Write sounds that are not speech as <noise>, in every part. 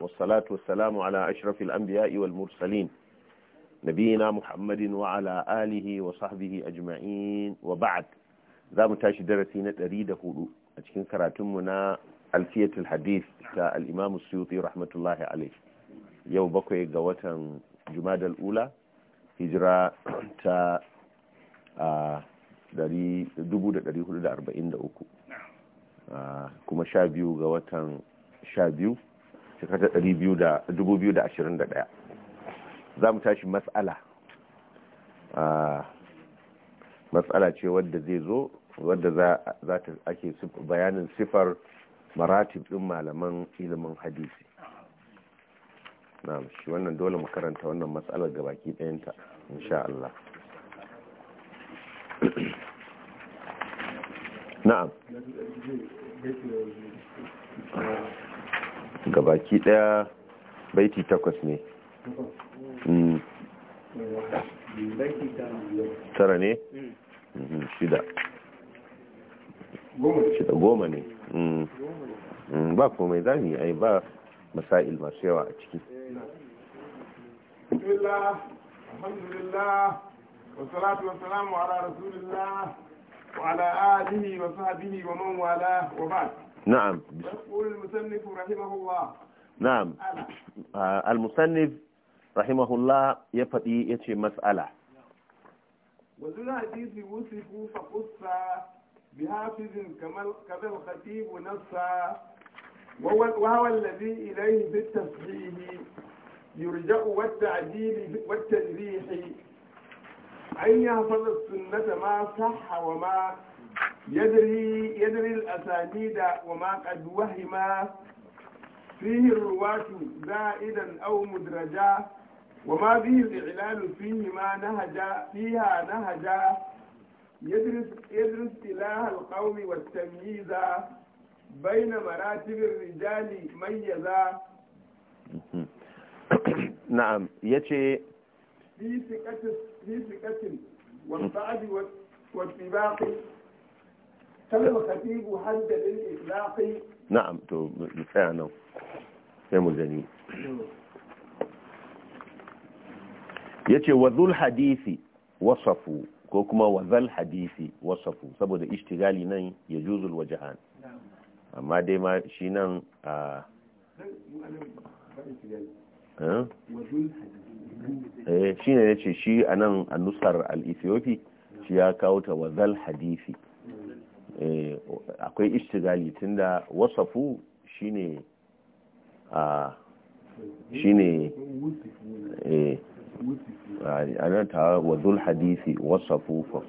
والصلاة والسلام على أشرف الأنبياء والمرسلين نبينا محمد وعلى آله وصحبه أجمعين وبعد ذا متاش درسينة أريد هدو أتكين كراتمنا ألفية الحديث الإمام السيوطي رحمة الله عليه يو بقي قوة جماد الأولى هجرة تا dari 1443 kuma sha biyu ga watan sha biyu shekara ta 2021 za mu tashi matsala ah, matsala ce wadda zai zo wadda za ta ake bayanin sifar maratib ɗin malaman ilimin hadisi na shi wannan dole mu karanta wannan matsalar ga baki ɗayanta insha Allah na'am gabaki daya baiti takwas ne mm. tara ne mm-hmm. shida shida goma ne mm. Mm, ba komai zami ai ba masail masu yawa a ciki alhamdulillah wasalatu wasalamu ala rasulillah wa ala alihi wa sahbihi wa man wala wa ba'd نعم يقول المصنف رحمه الله نعم آه، المصنف رحمه الله يفدي يتي مسألة وذل حديث يوسف فقص بحافظ كما الخطيب نفسا وهو الذي إليه بالتصحيح يرجع والتعديل والتنريح أن يحفظ السنة ما صح وما يدري يدري الأسانيد وما قد وهما فيه الرواة زائدا أو مدرجا وما به الإعلان فيه ما نهجا فيها نهجا يدرس يدرس إله القوم والتمييز بين مراتب الرجال ميزا <coughs> نعم يتي في ثقة في ثقة والبعد والسباق سلم yace wazul hadisi wasafu ko kuma wazal hadisi wasafu saboda ishtigali nan ya juzul wajahan amma dai ma shi eh? eh, nan a nusar al-ethiopi shi ya kawo wazal hadisi Eh, akwai istigali tunda wasafu shine a shine eh, a nan ta wazul hadisi wasafu fa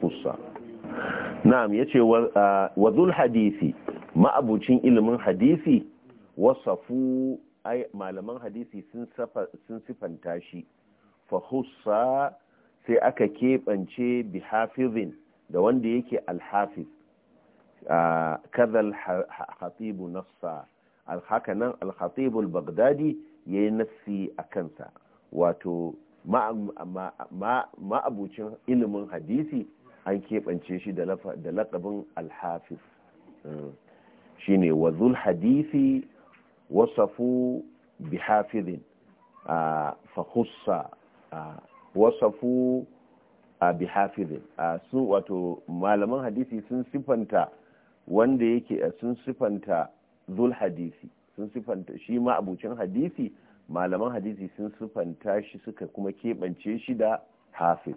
Na'am na'am yace wazul hadisi ma'abucin ilimin hadisi wasafu malaman hadisi sun sifanta shi fa sai aka keɓance bihafizin da wanda yake alhafiz kazal khatibu nassa haka nan al-khatibu al-baghdadi yayi nassi a kansa wato ma'abucin ilimin hadisi an keɓance shi da laƙabin alhafiz shi ne wa zul hadisi wasafu bi hafizin fahussa wasafu bi hafizin wato malaman hadisi sun siffanta wanda yake eh, sun sifanta zul hadisi sun sifanta shi ma abucin hadisi malaman hadisi sun sifanta shi suka kuma keɓance shi da hafiz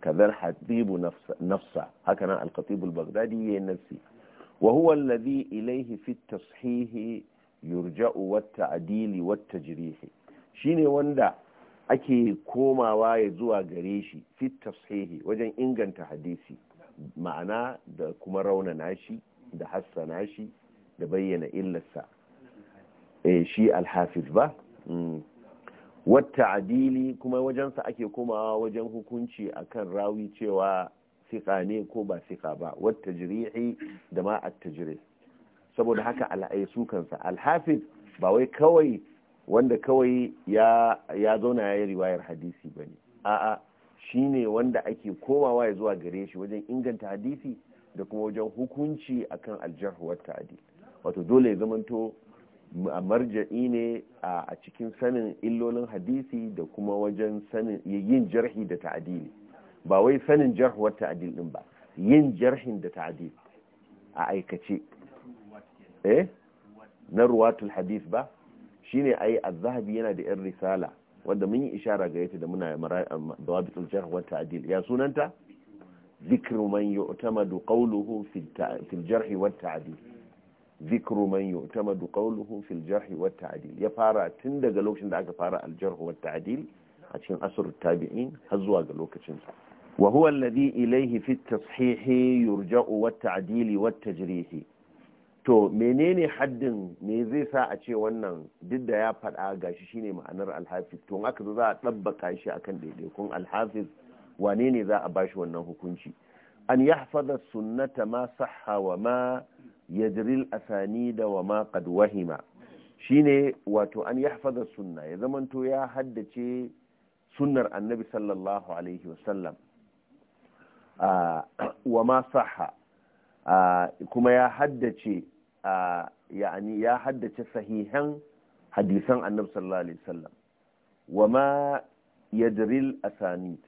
kazar Hadibu nafsa hakanan alkatibul bagdadi ya yi nafsi wa huwa alladhi ilayhi fi tashihi yurja'u wa ta'dili wa tajrihi shine wanda ake komawa ya zuwa gare shi fi wajen inganta hadisi ma'ana da kuma raunana shi da hassana shi da bayyana illarsa eh shi alhafiz ba mm. wata adili kuma wajensa ake komawa wajen hukunci akan rawi cewa siƙa ne ko ba fika ba wata jiri'i da ma at saboda haka al'aisu eh, kansa alhafiz ba wai kawai wanda kawai ya zauna ya yi riwayar hadisi ba ne a'a shi ne wanda ake komawa ya zuwa gare shi wajen inganta hadisi da kuma wajen hukunci akan aljarhu wata ta'dil wato dole ya zamanto marja'i ne a cikin sanin illolin hadisi da kuma wajen sanin yin jarhi da ta'adili ba wai sanin jarhu wata ta'dil din ba yin jarhin da ta'adil a aikace eh na ruwatul hadis ba shine ai az-zahabi yana da yan risala wanda mun yi ishara ga yata da muna da dawabitul jarh wa ta'dil ya sunanta ذكر من يعتمد قوله في في الجرح والتعديل ذكر من يعتمد قوله في الجرح والتعديل يا فارا تن daga lokacin da aka fara al-jarh wa tadil a cikin asr tabiin har zuwa ga lokacin sa wa huwa alladhi ilayhi fi at-tashih yurja'u wa at-ta'dil wa tajrih to menene haddin me zai sa a ce wannan duk da ya faɗa gashi shine ma'anar al-hafiz to aka zo za a dabbaka shi akan daidaikun al-hafiz wane ne za a bashi wannan hukunci an yahfaza sunnata ma saha wa ma ya yajril da wa ma qad Shi ne wato an yahfaza sunna ya zamanto ya haddace sunnar annabi sallallahu alaihi wasallam ah, wa ma saha ah, kuma ya haddace ah, ya haddace sahihan hadisan annabi sallallahu alaihi wasallam wa ma ya a Sani?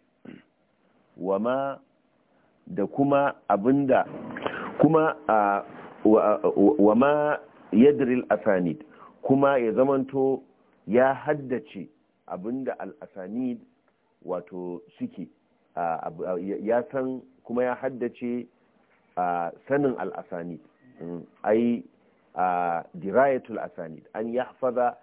wa ma da kuma abinda kuma a wa ma yadril asanid kuma ya zamanto ya haddace abinda al-asanid wato suke ya san kuma ya haddace sanin al-asanid mm, ai dirayatul asanid an yahfaza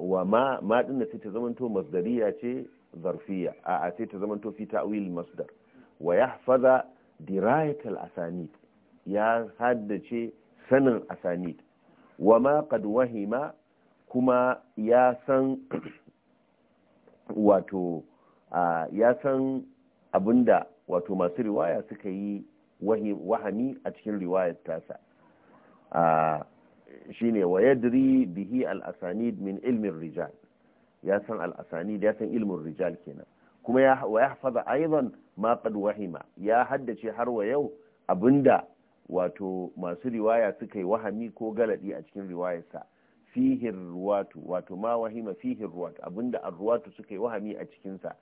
wa ma ma din da take zamanto masdariya ce zarfiya a sai ta zamanto tofi ta'wil masdar wa yahfaza dirayat al-asanid ya haddace sanin asanid wa ma qad wahima kuma ya san <clears throat> wato ya san abinda wato masu riwaya suka yi wahami a cikin riwayar tasa shine wa yadri bihi al-asanid min ilmin rijal ya san al'asani da ya san ilmin rijal kenan kuma ya wa yahfaza aidan ma qad wahima ya haddace har wa yau abinda wato masu riwaya suka yi wahami ko galadi a cikin riwayarsa fihi ruwatu wato ma wahima fihi ruwatu abinda arruwatu suka yi wahami a cikinsa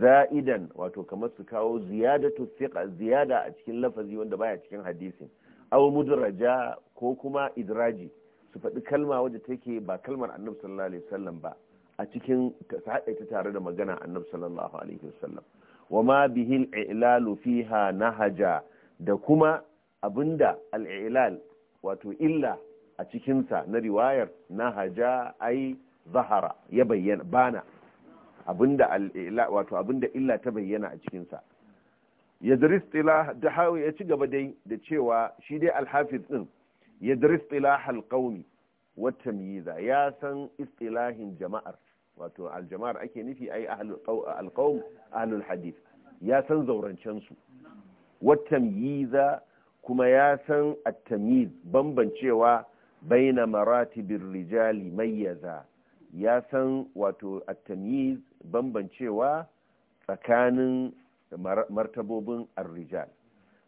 za'idan wato kamar su kawo ziyadatu thiqa ziyada a cikin lafazi wanda baya cikin hadisin aw mudraja ko kuma idraji su faɗi kalma wadda take ba kalmar annabi sallallahu alaihi wasallam ba a cikin ta tare da magana annab sallallahu alaihi wasallam wa ma bihil ilalu fiha nahaja da kuma abinda al-ilal wato illa a cikinsa na riwayar nahaja ai zahara ya bayyana bana abinda al-ila wato abinda illa ta bayyana a cikinsa yadris tilah dahawi ya ci gaba dai da cewa shi dai al-hafiz din yadris tilah al-qawmi wa tamyiza ya san istilahin jama'ar wato aljamar ake nufi ai alqawm ahlul hadith ya san zaurancen su watamyiza kuma ya san at-tamyiz bambancewa baina maratibir rijali mayyaza ya san wato at-tamyiz bambancewa tsakanin martabobin ar-rijal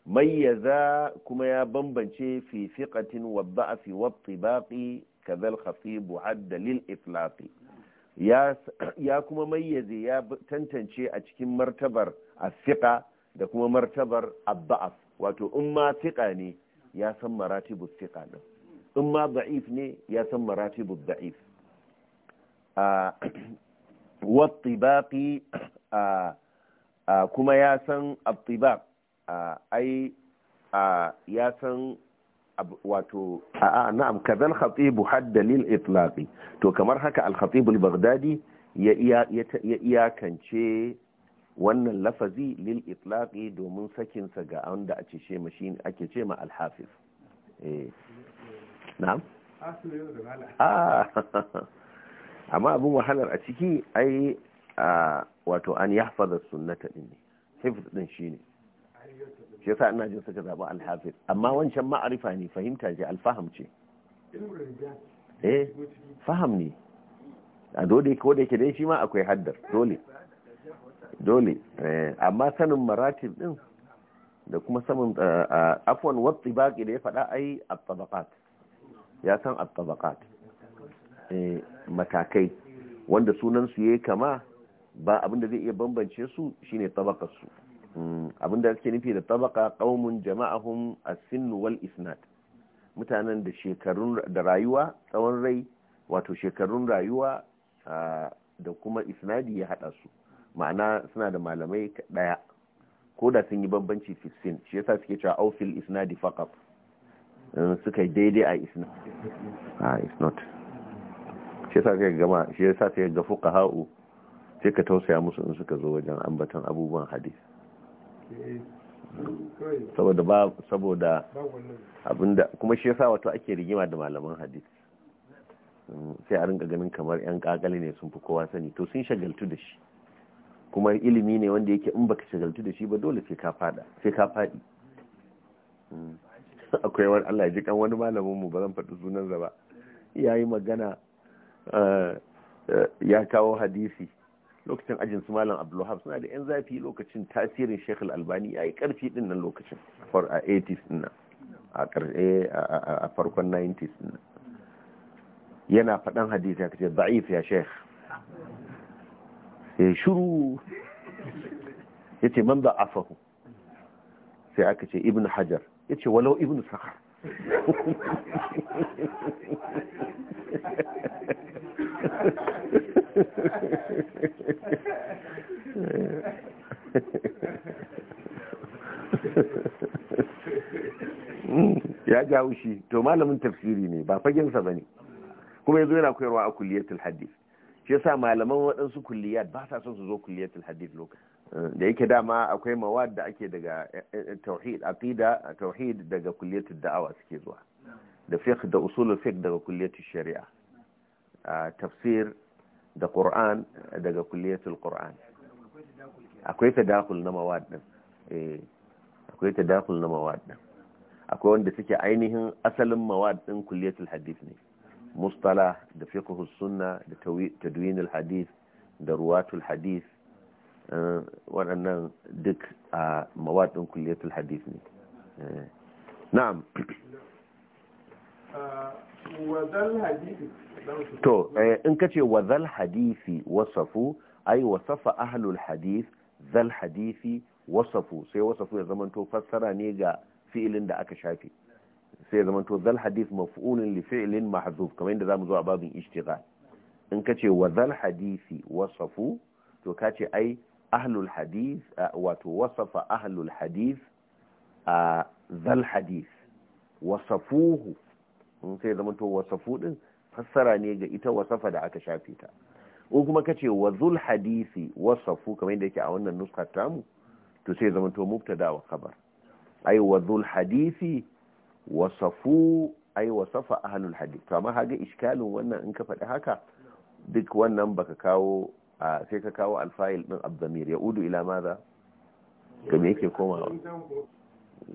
mayyaza kuma ya bambance fi fiqatin wa da'fi wa tibaqi kadhal khatib adda lil iflaqi ya kuma mayyaze ya tantance a cikin martabar asiqa da kuma martabar abba'af wato in ma siqa ne ya san maratibu siqa ɗin in ma ba'if ne ya san maratibu da'if wattibaqi kuma ya san a ai ya san wato a'a na'am kazal khatibu hadda lil itlaqi to kamar haka al khatib al baghdadi ya iyakance wannan lafazi lil itlaqi domin sakin sa ga wanda a ce she ake ce ma al hafiz eh na'am ah. <laughs> amma abin wahalar a ciki ai wato an yahfaza sunnata din ne hifz din shine shi yasa ina jin suka zaɓi alhafiz amma wancan ma'arifa ne fahimta ce alfaham ce eh faham ne a dole ko da yake dai shi ma akwai haddar dole dole eh, amma sanin maratib din da kuma samun eh, eh, afwan watsi baki da ya faɗa ai at-tabaqat ya san at-tabaqat matakai wanda sunan su yayi kama ba abinda zai iya bambance su shine tabaqar su Mm, abinda suke nufi da tabaka kaumun jama'ahum as sinn wal isnad mutanen da shekarun da rayuwa tsawon rai wato shekarun rayuwa da kuma isnadi ya hada su ma'ana suna da malamai daya ko da sun yi bambanci fifteen shi yasa suke cewa aufil isnadi faqat suka daidai a isnad ah, it's not shi yasa kai gama shi yasa sai ga fuqaha'u sai ka tausaya musu in suka zo wajen ambaton abubuwan hadisi saboda ba saboda abinda kuma shi yasa wato ake rigima da malaman hadisi mm, sai a rinka ganin kamar yan kakali ne sun fi kowa sani to sun shagaltu da shi kuma ilimi ne wanda yake in baka shagaltu da shi ba dole sai ka fada sai ka fadi mm. <laughs> akwai wani Allah ya ji kan wani malamin mu ba zan faɗi sunan ba yayi magana eh, eh, ya kawo hadisi lokacin ajin su malam abdulwahab suna da yan zafi lokacin tasirin sheikh albani ya yi karfi din nan lokacin a 80s a farkon 90s yana faɗan hadith ya kace da'if ya sheikh sai shuru ya ce man da afahu sai aka ce ibn hajar ya ce walau ibn sakar <laughs> ya jawo shi to malamin tafsiri ne ba faginsa ba ne kuma yanzu yana koyarwa a kulliyatul hadith shi yasa malaman waɗansu kulliyat ba sa son su zo kulliyatul hadith lokaci da yake dama akwai mawad da ake daga eh, eh, tauhid aqida tauhid daga kulliyatul da'awa suke zuwa da fiqh da usulul fiqh daga kulliyatul shari'a ah, tafsir da Qur'an daga kuliyatul Qur'an akwai dakul na mawaɗin eh akwai dakul na mawad akwai wanda suke ainihin asalin mawad kuliyatul hadith ne mustala da fiqhus sunna da tadwinul hadith da ruwatul hadith eh, waɗannan duk a mawad kuliyatul hadith ne eh, na'am <coughs> uh, wa zal hadith to eh, in ka ce wa zal hadisi wasafu ai wasafa ahlul hadith zal hadisi wasafu sai wasafu ya zamanto fassara ne ga fi'ilin da aka shafe sai ya zamanto zal hadith maf'ulun li fi'lin mahzuf kamar yadda zamu zo a babin ishtighal in ka ce wa zal hadisi wasafu to ka ce ai ahlul hadith wato wasafa ahlul hadith zal hadith wasafuhu sai ya zamanto wasafu din fassara ne ga ita wasafa da aka shafe ta ko kuma kace wa zul hadisi wasafu kamar yadda yake a wannan nuskar tamu to sai zama to mubtada wa khabar ay wa zul hadisi wasafu ay wasafa ahlul hadith to amma haga iskalin wannan in ka faɗi haka duk wannan baka kawo sai ka kawo alfa'il din abdamir ya udu ila maza game yake komawa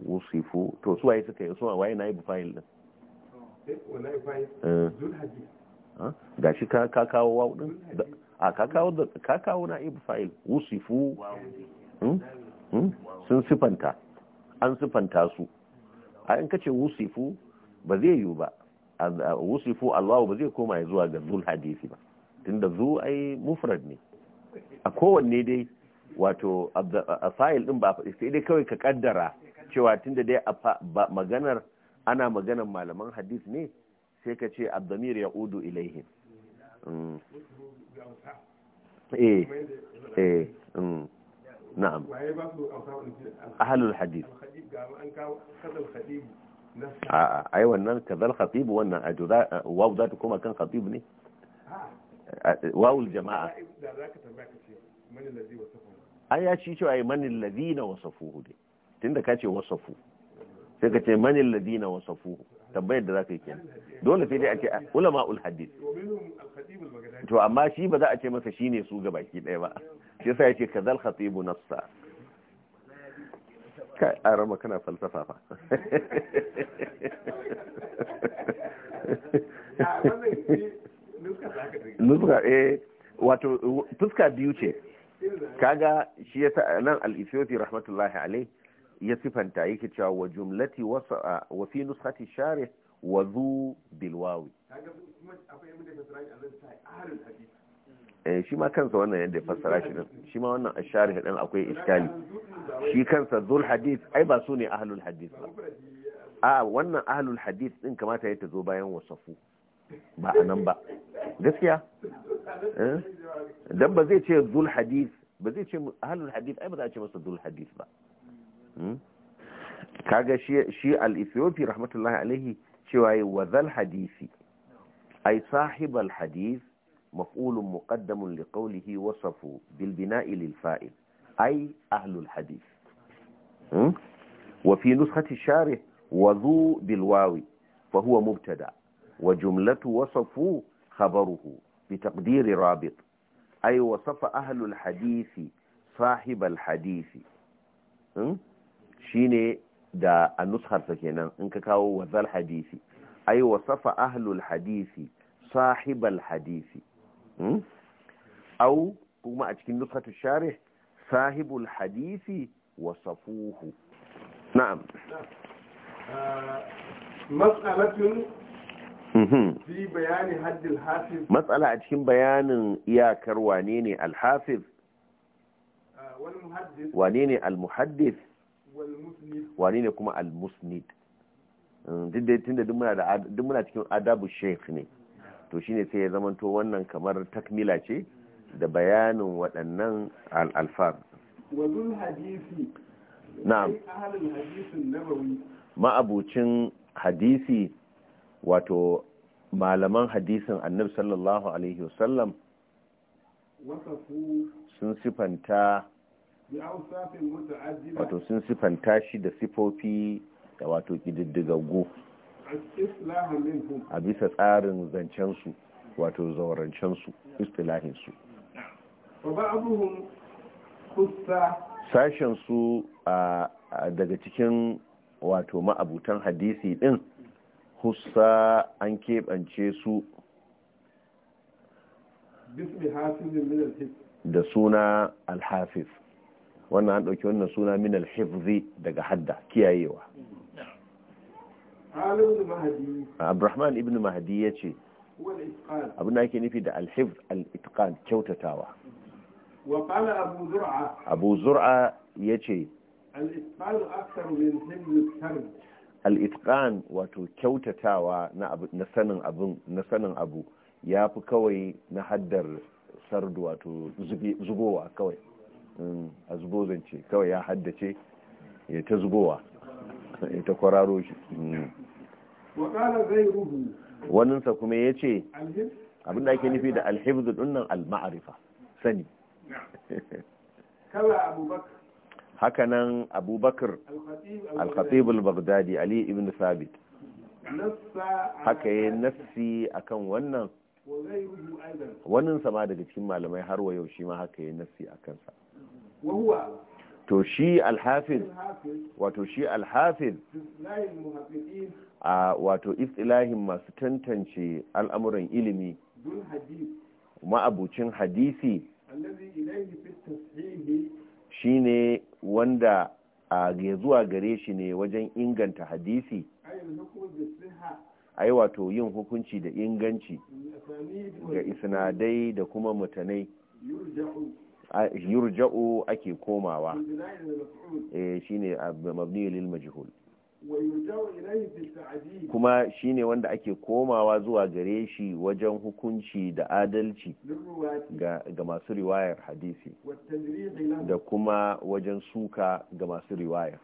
wusifu to suwaye suka yi suwa waye na yi fa'il din Eh. Ah, ga shi ka kawo wawu din a ah, ka kawo da ka na ibu fa'il wusifu hmm? Hmm? sun sifanta an sifanta su a in kace wusifu ba zai yiwu ba wusifu Allah ba zai koma zuwa ga zul hadisi ba tunda zu ai mufrad ne a kowanne dai wato a fa'il din ba sai dai kawai ka kaddara cewa tunda dai a maganar ana maganan malaman hadith ne sai ka ce abdamir ya udu ilaihim mm. eh eh mm. na'am ahlul hadis a'a ai wannan kazal khatib wannan ajuza waw za ta koma kan khatib ne wawul jama'a ai ya ci cewa ai manil ladina wasafuhu tunda ce wasafu sai ka ce manin ladina wasafu tambayar da za ka yi kyan dole sai dai a ce ulama ulhadi to amma shi ba za a ce masa shine su ga baki daya ba shi yasa yace kazal khatibu nassa kai a rama kana falsafa fa nuska eh wato Tuska biyu ce kaga shi yasa nan al-Ethiopi rahmatullahi Alayhi. ya sifanta yake cewa wa jumlati wa fi nuskhati sharih wa zu bilwawi eh, shi ma kansa wannan yadda ya fassara shi din shi ma wannan asharih din akwai iskali shi kansa zul hadith ai ba su ne ahlul hadith ba a wannan ahlul hadith din kamata ya tazo bayan wasafu ba a nan ba gaskiya eh? dan ba zai ce zul hadith ba zai ce ahlul hadith ai ba za a ce masa zul hadith ba kaga shi shi al-ethiopi rahmatullahi alayhi cewa yi wa zal hadisi ay sahib al-hadis maf'ulun muqaddam li qawlihi wasafu bil bina'i lil fa'il ay ai al hadis wa fi nuskhati sharih wa dhu bil wawi fa huwa mubtada wa jumlatu wasafu khabaruhu bi taqdiri rabit ai wasafa al hadisi sahib al-hadisi shine da a nusharsa kenan in ka kawo wazal hadisi ai wasafa ahlul hadisi sahibal hadisi hmm? au kuma a cikin nushatu share sahibul hadisi wasafuhu na'am uh, mhm. fi bayani matsala a cikin bayanin iyakar wane ne al uh, wane ne almuhaddis. wani ne kuma al-musnid mm, tunda duk muna cikin adabu sheikh ne to shine sai ya zamanto wannan kamar takmila ce da bayanin waɗannan alfar na'am ma'abucin hadisi wato malaman hadisin annabi sallallahu alaihi wasallam sun sifanta wato sun sifanta shi da sifofi da wato ƙididdigaggu a bisa tsarin zancensu wato zaurancensu istilahinsu sashensu daga cikin wato ma'abutan hadisi din husa an keɓance su da suna alhafiz wannan an ɗauki wannan suna min al daga hadda kiyayewa Abrahman ibn Mahdi ya ce abin da ake nufi da al-hifz al-itqan kyautatawa Abu Zur'a ya ce al-itqan wato kyautatawa na sanin abin na sanin abu ya fi kawai na haddar sardu wato zubowa kawai a kawai ya haddace ya ta zubowa ya ta kwararo shi waninsa kuma ya ce abinda ake nufi da alhibzu dunnan alma'arifa maarifa sani hakanan abubakar al-khatib ali ibn sabit haka ya nassi akan wannan waninsa ma daga cikin malamai har wa yau shi ma haka ya nassi sa. to shi alhafiz wato shi alhafiz a wato istilahin masu tantance al'amuran ilimi ma'abucin hadisi shi ne wanda a zuwa gare shi ne wajen inganta hadisi ai wato yin hukunci da inganci ga isnadai da kuma mutanai yurja'u ake komawa eh shine mabni lil majhul kuma shine wanda ake komawa zuwa gare shi wajen hukunci da adalci ga masu riwayar hadisi da kuma wajen suka ga masu riwayar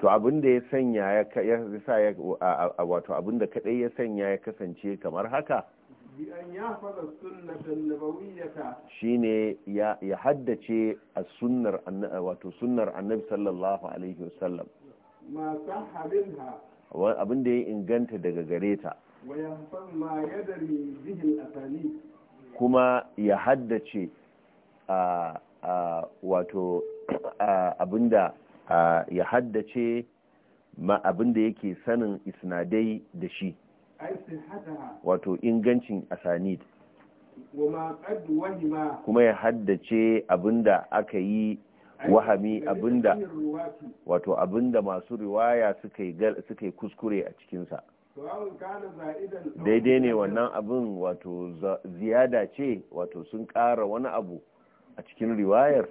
to abin ya sanya ya sa wato abinda kadai ya sanya ya kasance kamar haka shine ya haddace a sunnar wato sunnar annabi sallallahu alaihi wasallam abin da ya inganta daga gare ta kuma ya haddace a wato abin da ya haddace ma abin da yake sanin isnadai da shi wato ingancin asanid kuma ya haddace abinda aka yi wahami abinda wato abinda masu riwaya suka yi kuskure a cikinsa daidai ne wannan abin wato ziyada ce wato sun kara wani abu a cikin riwayar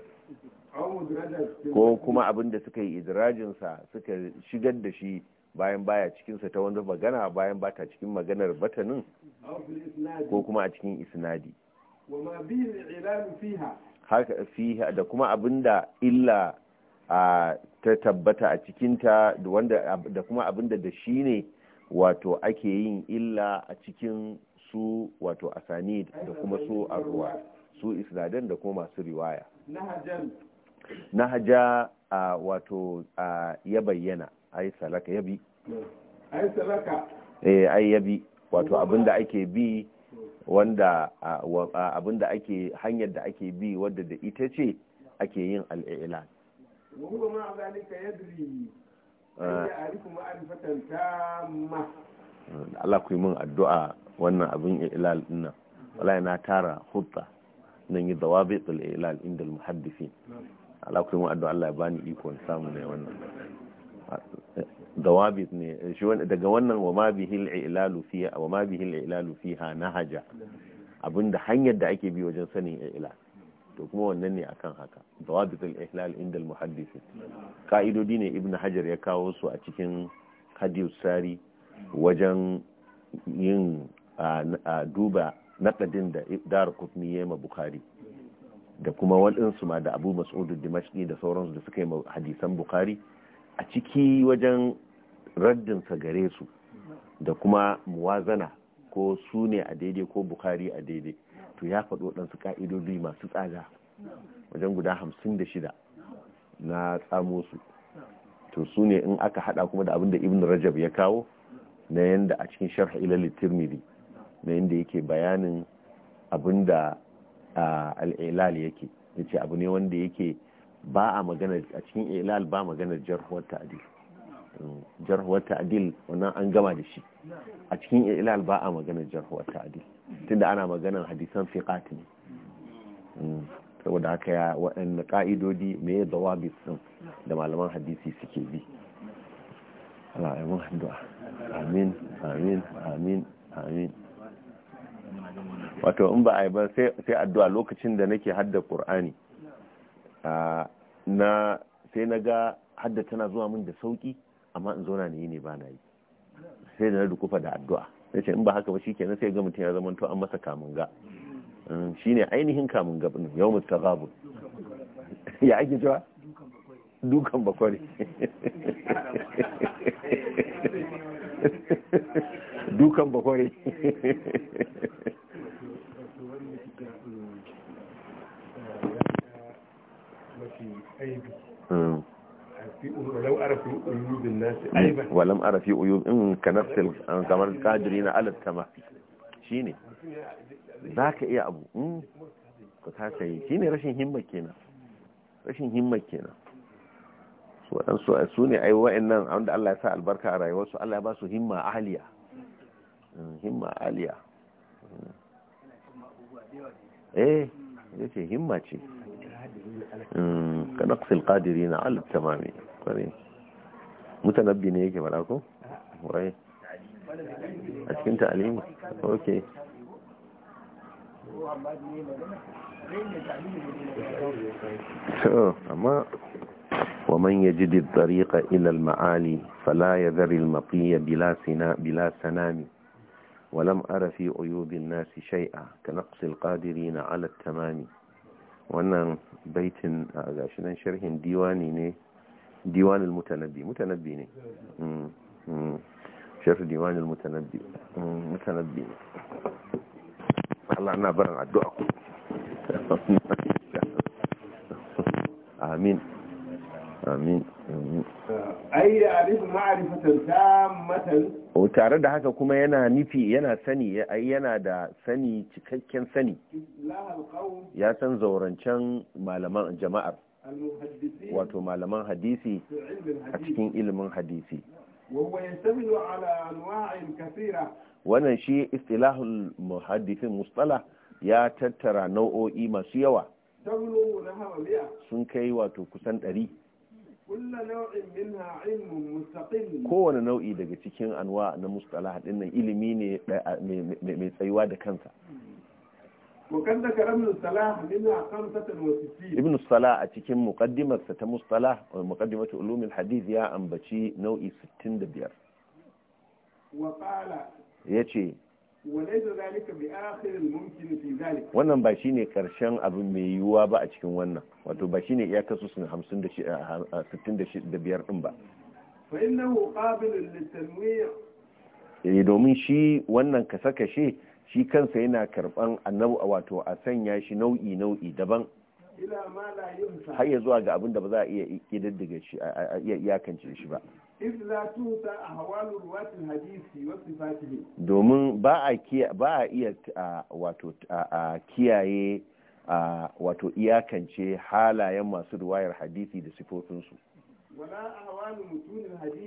ko kuma abinda suka yi idirajinsa suka shigar da shi bayan baya cikinsa ta wanda magana bayan ba ta cikin maganar batanin ko kuma a cikin isnadi haka fiha da kuma abinda illa a ta tabbata a cikinta da kuma abinda da shi ne wato ake yin illa a cikin su wato asani da kuma su a ruwa su isnadan da kuma masu riwaya nahaja wato ya bayyana ai salaka ya bi ai salaka eh ai ya bi wato abinda ake bi wanda abinda ake hanyar da ake bi wadda da ita ce ake yin al'ilan eh. hmm, Allah ku yi min addu'a wannan abin ilal dinnan wallahi na tara hutta nan yi zawabi ilal inda muhaddisi hmm. Allah ku yi min addu'a Allah ya bani ikon samu ne wannan dawabit ne daga wannan wa ma bihil ilalu fiha wa ma bihil fiha nahaja abinda hanyar da ake bi wajen sanin ilal to kuma wannan ne akan haka dawabit al-ihlal inda al-muhaddisi ka'idodi ne ibnu hajar ya kawo su a cikin hadith sari wajen yin duba naƙadin da dar kutni ya Bukhari da kuma wadansu ma da abu mas'udu dimashki da sauransu da suka yi hadisan Bukhari. a ciki wajen raddinsa gare su da kuma muwazana ko Sune a daidai ko bukari a daidai to ya faɗo ɗansu ƙa'idodi masu tsada wajen guda hamsin da shida na tsamo su to su in aka haɗa kuma da abin da ibn rajab ya kawo na yadda a cikin sharh ilal tirmidhi na yadda yake bayanin abin da al'ilal yake yace abu ne wanda yake ba a magana a cikin ilal ba maganar jarhuwar ta'adil jarhuwar ta'adil wannan an gama da shi a cikin ilal ba a maganar jarhuwar ta'adil tunda ana maganar hadisan fiqat ne saboda haka ya waɗanne ƙa'idodi me ya zawa bisan da malaman hadisi suke bi amin amin amin amin wato in ba a yi ba sai addu'a lokacin da nake hadda ƙur'ani na sai na ga hadda tana zuwa min da sauki amma in zauna ne ne ba na yi sai da na dukufa da addu'a na ce in ba haka ba shi kenan sai ga mutum ya zama to an masa kamun ga mm, shi ne ainihin kamun ga bin yau mutu tagabu ya ake cewa dukan bakwari dukan bakwari ولو ka ولم kamar في عيوب إن كنفس Shi ne. على ka شيني ذاك إيه أبو haka yi ne rashin himma kenan rashin himma kenan su waɗansu su ne ai wa'annan wanda Allah ya sa albarka a rayuwarsu Allah ya ba su himma aliya himma aliya eh yace himma ce كنقص القادرين على التمام متنبي نيكي yake وراي ko تعليم اوكي cikin ومن يجد الطريق إلى المعالي فلا يذر المطية بلا, سناء بلا سنام ولم أر في عيوب الناس شيئا كنقص القادرين على التمام wannan baitin a gashi nan sharhin diwani ne diwanin mutanabbi mutanabbi ne mm, mm. sharhin diwanin mutanabbi mm, mutanabbi ne Allah na barin addu'a ku <laughs> amin amin Eh, tare da haka kuma yana nufi yana sani yana da sani cikakken sani ya san zaurancen malaman jama'ar wato malaman hadisi a cikin ilimin hadisi wannan shi istilahul muhaddisin mustala ya tattara nau'o'i masu yawa sun kai wato kusan ɗari kowane nau'i daga cikin anwa na mustalah din nan ilimi ne eh, ah, mai tsayuwa da kansa ibn salah a cikin muqaddimarsa ta mustalah eh, muqaddimatu ulumin hadith ya ambaci nau'i 65 ya ce wannan ba shi ne karshen abin mai yiwuwa ba a cikin wannan wato ba shi ne iya kasu sun hamsin da sittin da biyar ɗin ba eh domin shi wannan kasa kashe shi kansa yana karɓan annabu wato a sanya shi nau'i nau'i daban har ya zuwa ga abin da ba za a iya ƙididdiga shi a iya iyakance shi ba domin ba a iya wato kiyaye wato iyakance halayen masu ruwayar hadisi da sifofinsu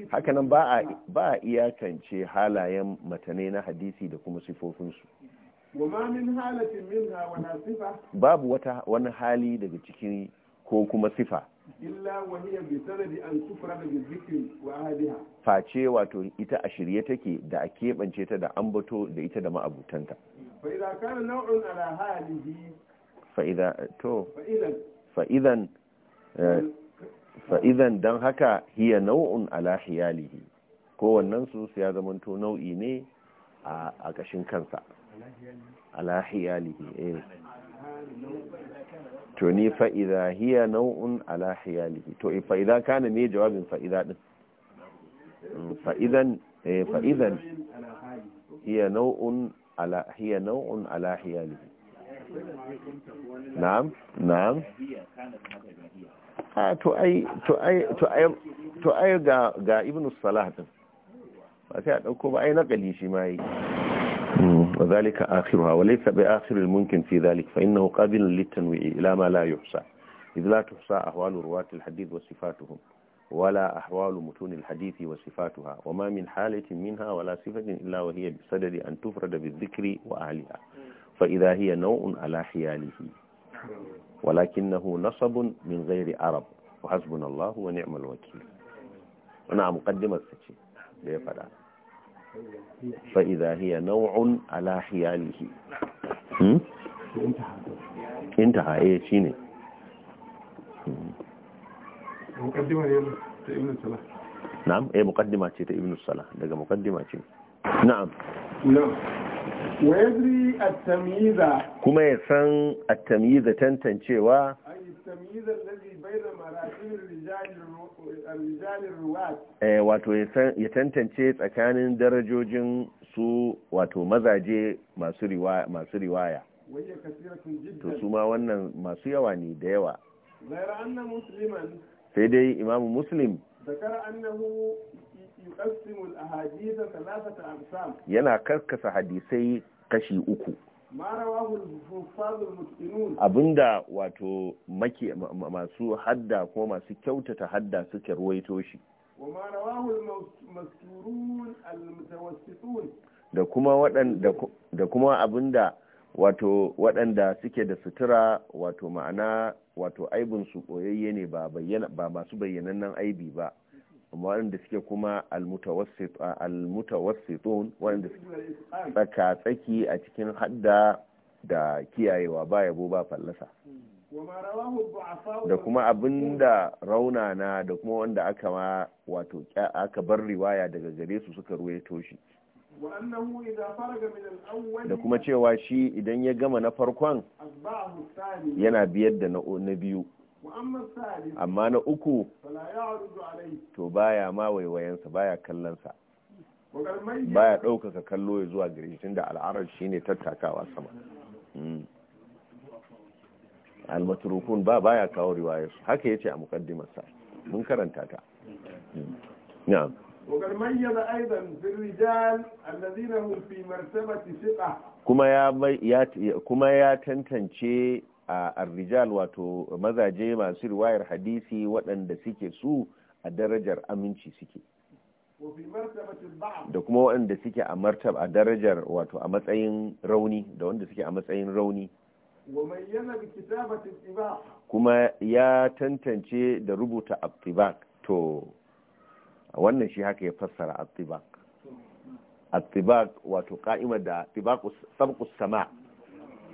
hakanan ba a iyakance halayen matane na hadisi da kuma sifofinsu babu wata wani hali daga cikin ko kuma sifa illa wa face wato ita a shirye take da a keɓance ta da ambato da ita da ma'abutanta fa idza kana dan haka hiya nau'un ala hiyalihi wannan su ya zamanto nau'i ne a kashin kansa ala eh. to ni fa'iza hiya nau'un ala hiyalihi to eh, fa'iza kana ne jawabin fa'iza din mm, fa'izan eh, fa'izan hiya nau'un ala hiya nau'un ala hiyalihi na'am na'am ah, to ai to ai to ai to ai ga ga ibnu salah din ba sai a dauko ba ai nakali shi ma yake وذلك آخرها وليس بآخر الممكن في ذلك فإنه قابل للتنويع إلى ما لا يحصى إذ لا تحصى أحوال رواة الحديث وصفاتهم ولا أحوال متون الحديث وصفاتها وما من حالة منها ولا صفة إلا وهي بصدد أن تفرد بالذكر وأهلها فإذا هي نوع على حياله ولكنه نصب من غير عرب وحسبنا الله ونعم الوكيل نعم مقدمة السجين ليه فلا fa'iza hiya nau'un ala hiyalihi intaha kuma ya san a tamyiza tantancewa ay E wato ya tantance tsakanin darajojin su wato mazaje masu riwaya masu riwaya to su ma wannan masu yawa ne da yawa sai dai imamu muslim yana karkasa hadisai kashi uku abinda wato masu hadda ko masu kyautata hadda suke ruwaito shi da kuma waɗanda da kuma abinda wato waɗanda suke da sutura wato ma'ana wato aibinsu su koyayye ne ba masu bayyanannen aibi ba waɗanda suke kuma almutawassitun waɗanda suke tsaka-tsaki a cikin hadda da kiyayewa ba yabo ba fallasa da kuma abinda raunana da kuma wanda aka ma wato aka bar riwaya daga gare su suka ruwe toshi. da kuma cewa shi idan ya gama na farkon yana biyar da na biyu amma na uku to baya ma waiwayensa baya kallonsa baya ɗaukaka kallo ya zuwa gare da al'arar shi ne tattakawa sama hmm. almaturukun ba baya kawo riwayarsu haka ya ce a mukaddimarsa mun karanta ta hmm. na'am وقد ميز ايضا في الرجال الذين هم في مرتبه ثقه كما A rijal wato mazaje masu riwayar hadisi waɗanda suke su a darajar aminci suke da kuma waɗanda suke a martaba a darajar wato a matsayin rauni da wanda suke a matsayin rauni kuma ya tantance da rubuta abtibak to wannan shi haka ya fassara abtibak abtibak wato ka'ima da sabqus sama'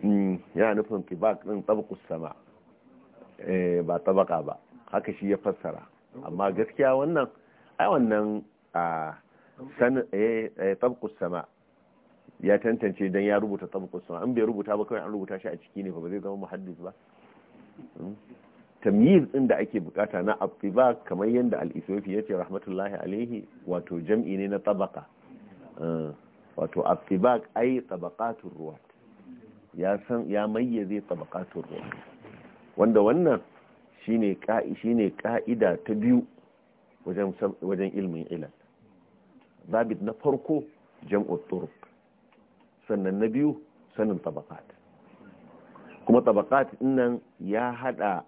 Mm, ya nufin kibak ɗin tsabakus sama eh, ba tsabaka ba haka shi ya fassara amma gaskiya wannan ai wannan a tsabakus eh, eh, sama ya tantance don ya rubuta tsabakus sama an bai rubuta ba kawai an rubuta shi a ciki ne ba zai zama muhaddis ba hmm? tamyiz din da ake bukata na attiba kamar yadda al ya ce rahmatullahi alaihi wato jam'i ne na tabaka wato attiba ai tabaqatur ruwat ya san ya mayyaze tabakatun ruwa wanda wannan shine ne ka'ida ta biyu wajen ilmin ilal zabit na farko jam'ar turuq sannan na biyu sanin tabakat kuma tabakat nan ya hada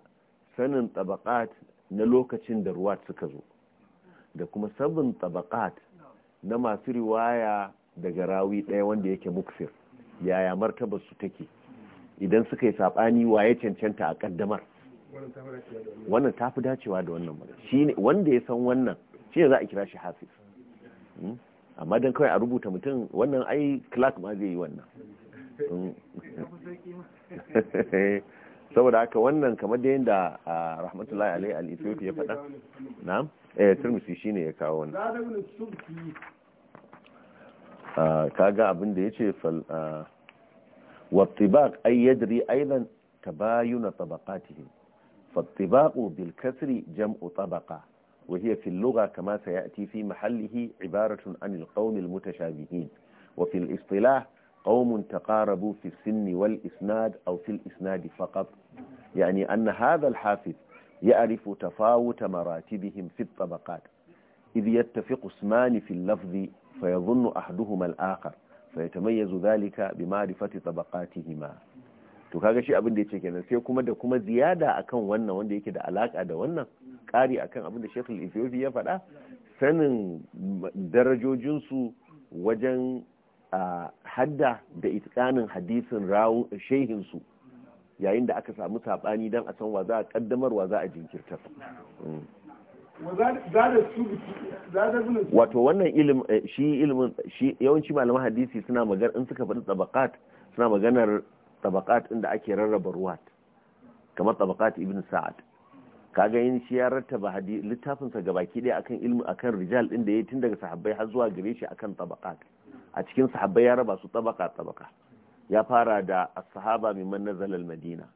sanin tabakat na lokacin da ruwa suka zo da kuma sabin tabakat na masu riwaya daga rawi ɗaya wanda yake muksir. yaya martabar su take idan suka yi sabani wa ya cancanta a kaddamar wannan ta fi dacewa da wannan magana shi ne wanda ya san wannan shi ne za a kira shi hafiz hmm? amma don kawai a rubuta mutum wannan ai clark ma zai yi wannan hmm? <laughs> saboda haka wannan kamar da yadda ah, rahmatullahi alaihi al ya faɗa na eh turmisi shine ya kawo wannan kaga abin da yace fal wattibaq ay yadri aidan tabayun tabaqatihim فالطباق بالكسر جمع طبقة وهي في اللغة كما سيأتي في محله عبارة عن القوم المتشابهين وفي الاصطلاح قوم تقاربوا في السن والإسناد أو في الإسناد فقط يعني أن هذا الحافظ يعرف تفاوت مراتبهم في الطبقات إذ يتفق اسمان في اللفظ fa احدهما الاخر فيتميز ذلك fa طبقاتهما bi ma'rifati tabaqatihima to kaga shi abin da yake kenan sai kuma da kuma ziyada akan wannan wanda yake da alaka da wannan kari akan abin da Sheikh al ya faɗa sanin darajojin su wajen hadda da itqanin hadisin rawu shehin su yayin da aka samu sabani dan a san wa za a kaddamar wa za a jinkirtar wato wannan ilim eh, shi ilimin shi yawanci malaman hadisi suna magana in suka faɗi tabaqat suna maganar tabaqat inda ake rarraba ruwat kamar tabaqat ibn sa'ad kaga yin shi ya rattaba hadisi littafin sa gabaki daya akan ilmi akan rijal inda da yayi tun daga sahabbai har zuwa gare shi akan tabaqat a cikin sahabbai ya raba su tabaqa tabaqa ya fara da as-sahaba mimman nazala al-madina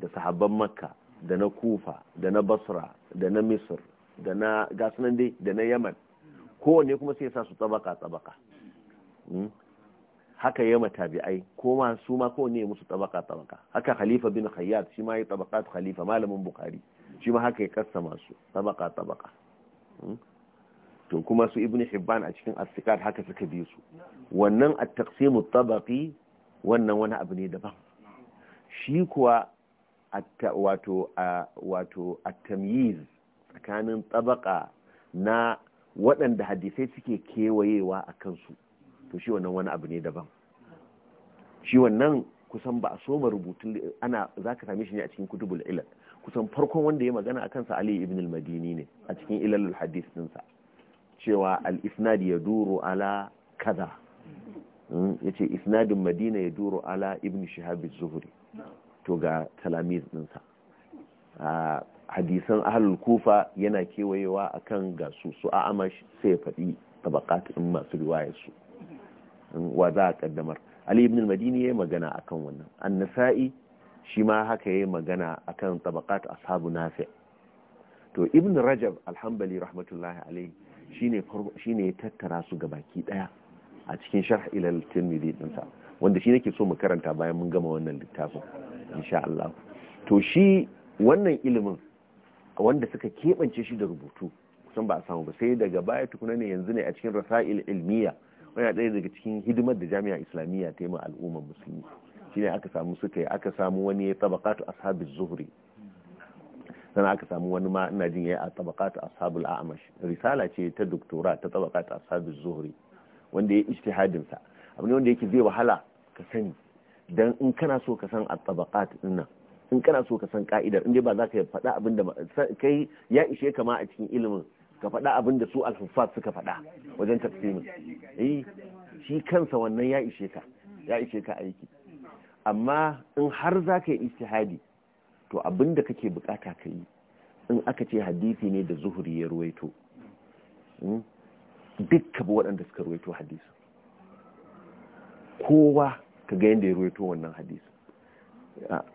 da sahabban makka da na kufa da na basra da na misr da na gasunan dai da na yaman kowanne kuma sai sa su tsabaka tsabaka hmm? haka yama tabi'ai ko ma su ma kowanne ya musu tsabaka tsabaka haka khalifa bin khayyat shi ma ya ta khalifa malamin bukari shi ma haka ya kassa masu tsabaka tsabaka hmm? to kuma su ibn hibban a cikin asikat haka suka bi su wannan at-taqsimu tabaqi wannan wani abu ne daban shi kuwa wato wato at-tamyiz tsakanin tsabaka na waɗanda hadisai suke kewayewa a kansu to shi wannan wani abu ne daban shi wannan kusan ba a soma rubutun ana za ka same shi ne a cikin kutubul ilal kusan farkon wanda ya magana a kansa Ali ibn al-Madini ne a cikin ilalul hadis dinsa cewa al-isnad ya duro ala kaza hmm? yace isnadin Madina ya duro ala ibn Shihab az-Zuhri to ga talamiz dinsa ah, hadisan ahlul kufa yana kewayewa akan ga su su a amash sai ya faɗi tabaqat in masu riwaya su wa za a kaddamar ali ibn al ya yi magana kan wannan an-nasa'i shi ma haka yi magana a akan a ashabu nafi' to ibn rajab alhambali rahmatullahi alaihi shine ne ya tattara su ga baki ɗaya a cikin sharh ilal tirmidhi dinsa wanda shi nake so mu karanta bayan mun gama wannan littafin insha to shi wannan ilimin wanda suka keɓance shi da rubutu kusan ba a samu ba sai daga baya tukuna ne yanzu ne a cikin rasa'il ilmiya wani ɗaya daga cikin hidimar da jami'a islamiyya ta yi ma al'ummar musulmi shine aka samu suka yi aka samu wani ya tabaqatu ashabin zuhri sannan aka samu wani ma ina jin yayi a tabaqatu ashabul a'mash risala ce ta doktora ta tabaqatu ashabiz zuhri wanda ya ijtihadin sa abu ne wanda yake zai wahala ka sani dan in kana so ka san at-tabaqat dinnan in kana so ka san ka'idar in dai ba za ka faɗa abin da kai ya ishe kama a cikin ilimin ka faɗa abinda su alfufat suka faɗa wajen tafsirin eh shi kansa wannan ya ishe ka ya ishe ka aiki amma in har za ka yi istihadi to abinda da kake bukata ka yi in aka ce hadisi ne da zuhuri ya ruwaito hmm, duk ka bi waɗanda suka ruwaito hadisi kowa ka ga yadda ya ruwaito wannan hadisi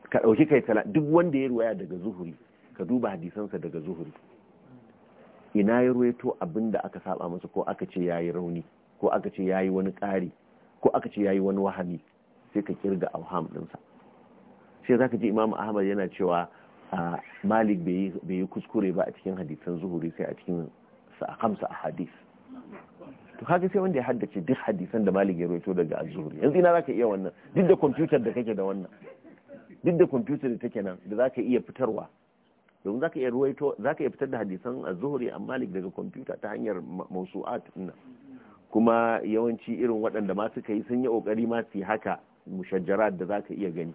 ka ɗauki kai tala duk wanda ya ruwaya daga zuhuri ka duba hadisansa daga zuhuri ina ya ruwaito abin da aka saba masa ko aka ce ya yi rauni ko aka ce ya yi wani ƙari ko aka ce ya yi wani wahami sai ka kirga auham ɗinsa sai za ka ji imam ahmad yana cewa malik bai yi kuskure ba a cikin hadisan zuhuri sai a cikin hamsa a hadis to haka sai wanda ya haddace duk hadisan da malik ya ruwaito daga zuhuri yanzu ina za ka iya wannan duk da kwamfutar da kake da wannan duk da kwamfuta da take nan da za ka iya fitarwa domin za ka iya ruwaito za ka iya fitar da hadisan a zuhuri a malik daga kwamfuta ta hanyar mausu'at nan kuma yawanci irin waɗanda ma suka yi sun yi ƙoƙari ma su yi haka mushajjarat da za ka iya gani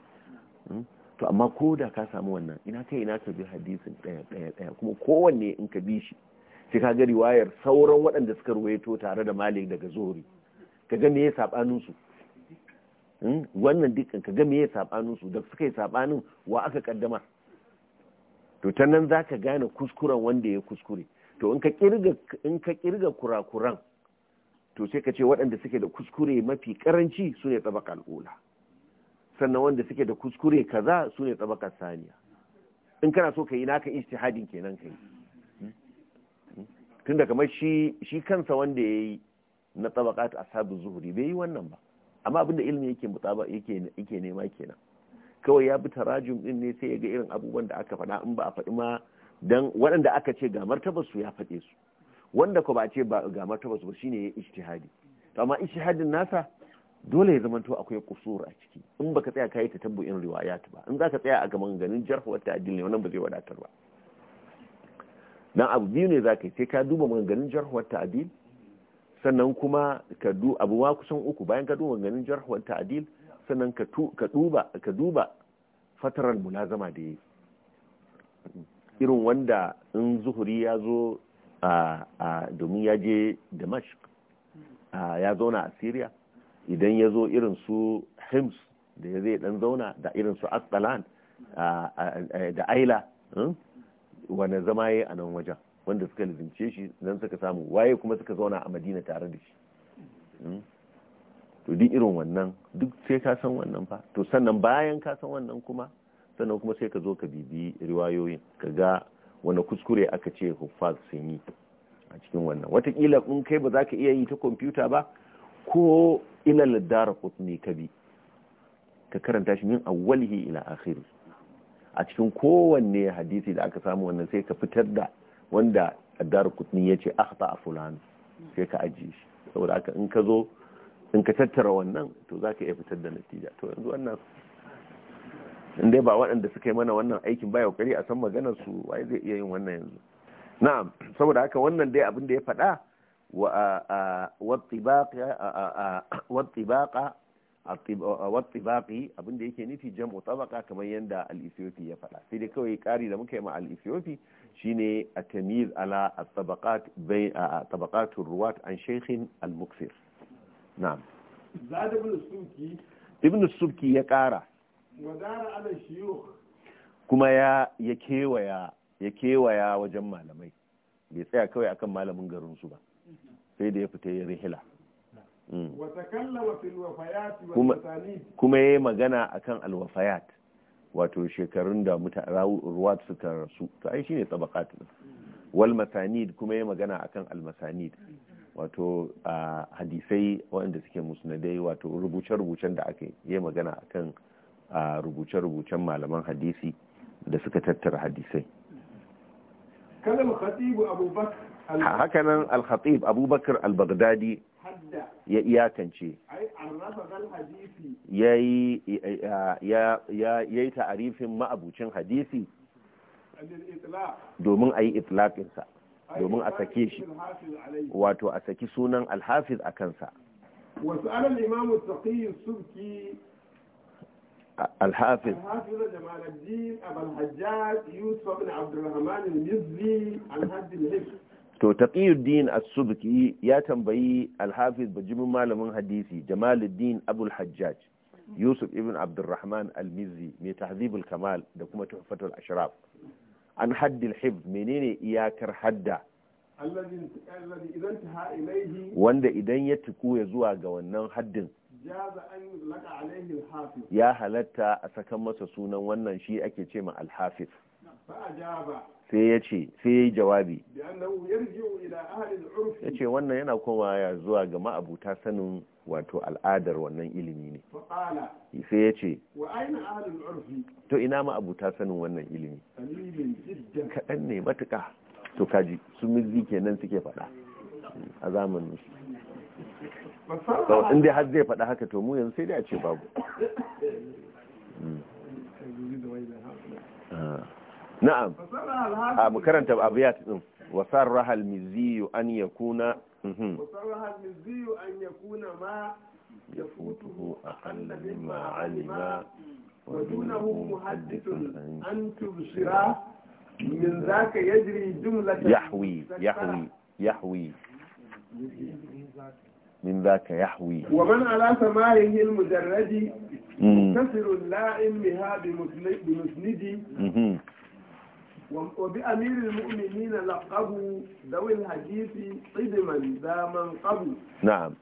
hmm? to amma ko da ka samu wannan ina kai ina ka bi hadisin ɗaya ɗaya ɗaya kuma kowanne in ka bi shi sai ka ga riwayar sauran waɗanda suka ruwaito tare da malik daga zuhuri ka gani ya saɓanin su Hmm? wannan dukkan ka ga meye sabanin su da suka yi sabanin wa aka kaddama? to ta nan za ka gane kuskuren wanda ya kuskure to in ka kirga kurakuran to sai ka ce waɗanda suke da kuskure mafi karanci su ne tsabaka al'ula sannan wanda suke da kuskure kaza su ne tsabaka saniya in kana so ka yi naka istihadin kenan ka yi hmm? Hmm? tunda kamar shi kansa wanda ya yi na ta ashabu zuhuri bai yi wannan ba amma abinda ilimi yake mutaba yake nema kenan kawai ya bi tarajum din ne sai ya ga irin abubuwan da aka faɗa in ba a faɗi ma dan waɗanda aka ce ga martabar su ya faɗe su wanda ko ba a ce ba ga martabar su ba shine ya ijtihadi to amma ijtihadin nasa dole ya zamanto akwai kusur a ciki in baka tsaya kai ta tabbu'in riwayat ba in zaka tsaya a gaban ganin jarh wa ta'dil ne wannan ba zai wadatar ba dan abu biyu ne zaka yi sai ka duba maganganun jarh wa ta'dil sannan kuma ka du abu ma kusan uku bayan ka duba ganin jarh wal ta'dil sannan ka ka duba ka duba fatarar mulazama da yi irin wanda in zuhuri ya zo a domin ya je damashq ya zauna a syria idan ya zo irin su hims da ya zai dan zauna da irin su asqalan da aila hmm, wane zama yi a nan wajen wanda suka lizince shi nan suka samu waye kuma suka zauna a madina tare da shi hmm? to duk irin wannan duk sai ka san wannan fa to sannan bayan ka san wannan kuma sannan kuma sai ka zo ka bibi riwayoyin ka ga wani kuskure aka ce hufaz sun yi a cikin wannan watakila in kai ba za ka iya yi ta kwamfuta ba ko ilal dara ne ka bi ka karanta shi min awwalihi ila akhiri a cikin kowanne hadisi da aka samu wannan sai ka fitar da wanda addar kutni ya ce akhta a fulani sai ka ajiye shi saboda haka in ka zo in ka tattara wannan to za ka iya fitar da natija to yanzu wannan in dai ba waɗanda suka yi mana wannan aikin ba yaukari a san maganar su wai zai iya yin wannan yanzu na'am saboda haka wannan dai abin da ya faɗa a wattibaƙi abin da yake nufi jam'u tabaka kamar yadda al ya faɗa sai dai kawai ƙari da muka yi ma al shine a tamiz ala a tabakatun ruwat an shekhin al-muksir na'am ibn Suki ya kara kuma ya kewaya ya kewaya wajen malamai bai tsaya kawai akan malamin garinsu ba sai da ya fita ya rihila kuma ya yi magana akan alwafayat wato shekarun da ruwat suka rasu to ai ne tabaqat wal masanid kuma ya magana akan al masanid wato hadisai waɗanda suke musnadai wato rubuce-rubucen da aka yi magana akan rubuce-rubucen malaman hadisi da suka tattara hadisai hakanan al-khatib abubakar al-baghdadi ya iyakance ya yi ta'arifin ma'abucin hadisi domin a yi itlaƙinsa domin a sake shi wato a saki sunan alhafiz a kansa wasu alal imamu taqiyyar subki الحافظ الحافظ جمال الدين أبو الحجاج يوسف بن عبد الرحمن المزي عن هد to taqiyuddin as-subki ya tambayi al-hafiz bajimin malamin hadisi jamaluddin abul hajjaj yusuf ibn abdurrahman al-mizzi mai al kamal da kuma tuhfatul ashraf an haddil hifz menene iyakar hadda wanda idan ya tuku ya zuwa ga wannan haddin ya halatta a sakan masa sunan wannan shi ake ce ma al-hafiz sai ya ce sai ya yi jawabi ya ce wannan yana koma ya zuwa ga ma'abuta sanin wato al'adar wannan ilimi ne sai ya ce to ina ma'abuta sanin wannan ilimi kaɗan ne matuƙa to kaji su mizi kenan suke faɗa a zamanin su inda har zai faɗa haka to mu yanzu sai dai a ce babu <laughs> نعم آه، مكرنت أبيات وصرح المزي أن يكون وصرح المزي أن يكون ما يفوته أقل مما علم ودونه محدث أن تبشرا من ذاك يجري جملة يحوي يحوي يحوي من ذاك يحوي ومن على سمائه المجرد مكسر اللائم بها بمسندي وبأمير المؤمنين لقبوا ذوي الحديث قدما ذا منقب نعم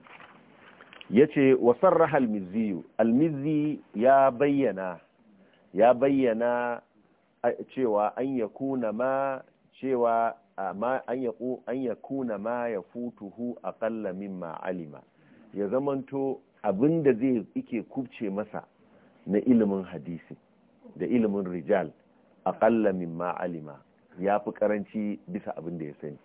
yace wa المزي المزي يا ya bayyana ya bayyana cewa an yakuna ma cewa ma an yaku an yakuna ma yafutuhu aqalla mimma alima ya zamanto abinda zai yake kubce masa na ilimin hadisi da ilimin rijal aƙalla mimma alima ya fi karanci bisa abin da ya sani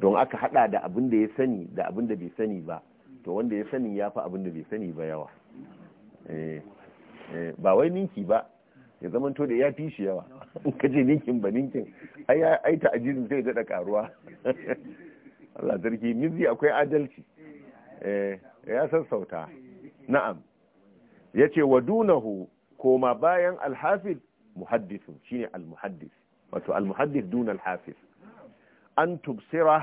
don aka hada da abin da ya sani da abin da bai sani ba to wanda ya sani ya fi abin da bai sani ba yawa eh, eh, ba wai ninki ba ya to da ya fi shi yawa in ka je ninkin ba ninkin ai ai ta ajizin zai daɗa karuwa <laughs> Allah sarki mizi akwai adalci eh, ya sassauta na'am Ya ce wa dunahu koma bayan alhafiz muhaddisun shine al-muhaddis wato al-muhaddis dun hafiz an tubsira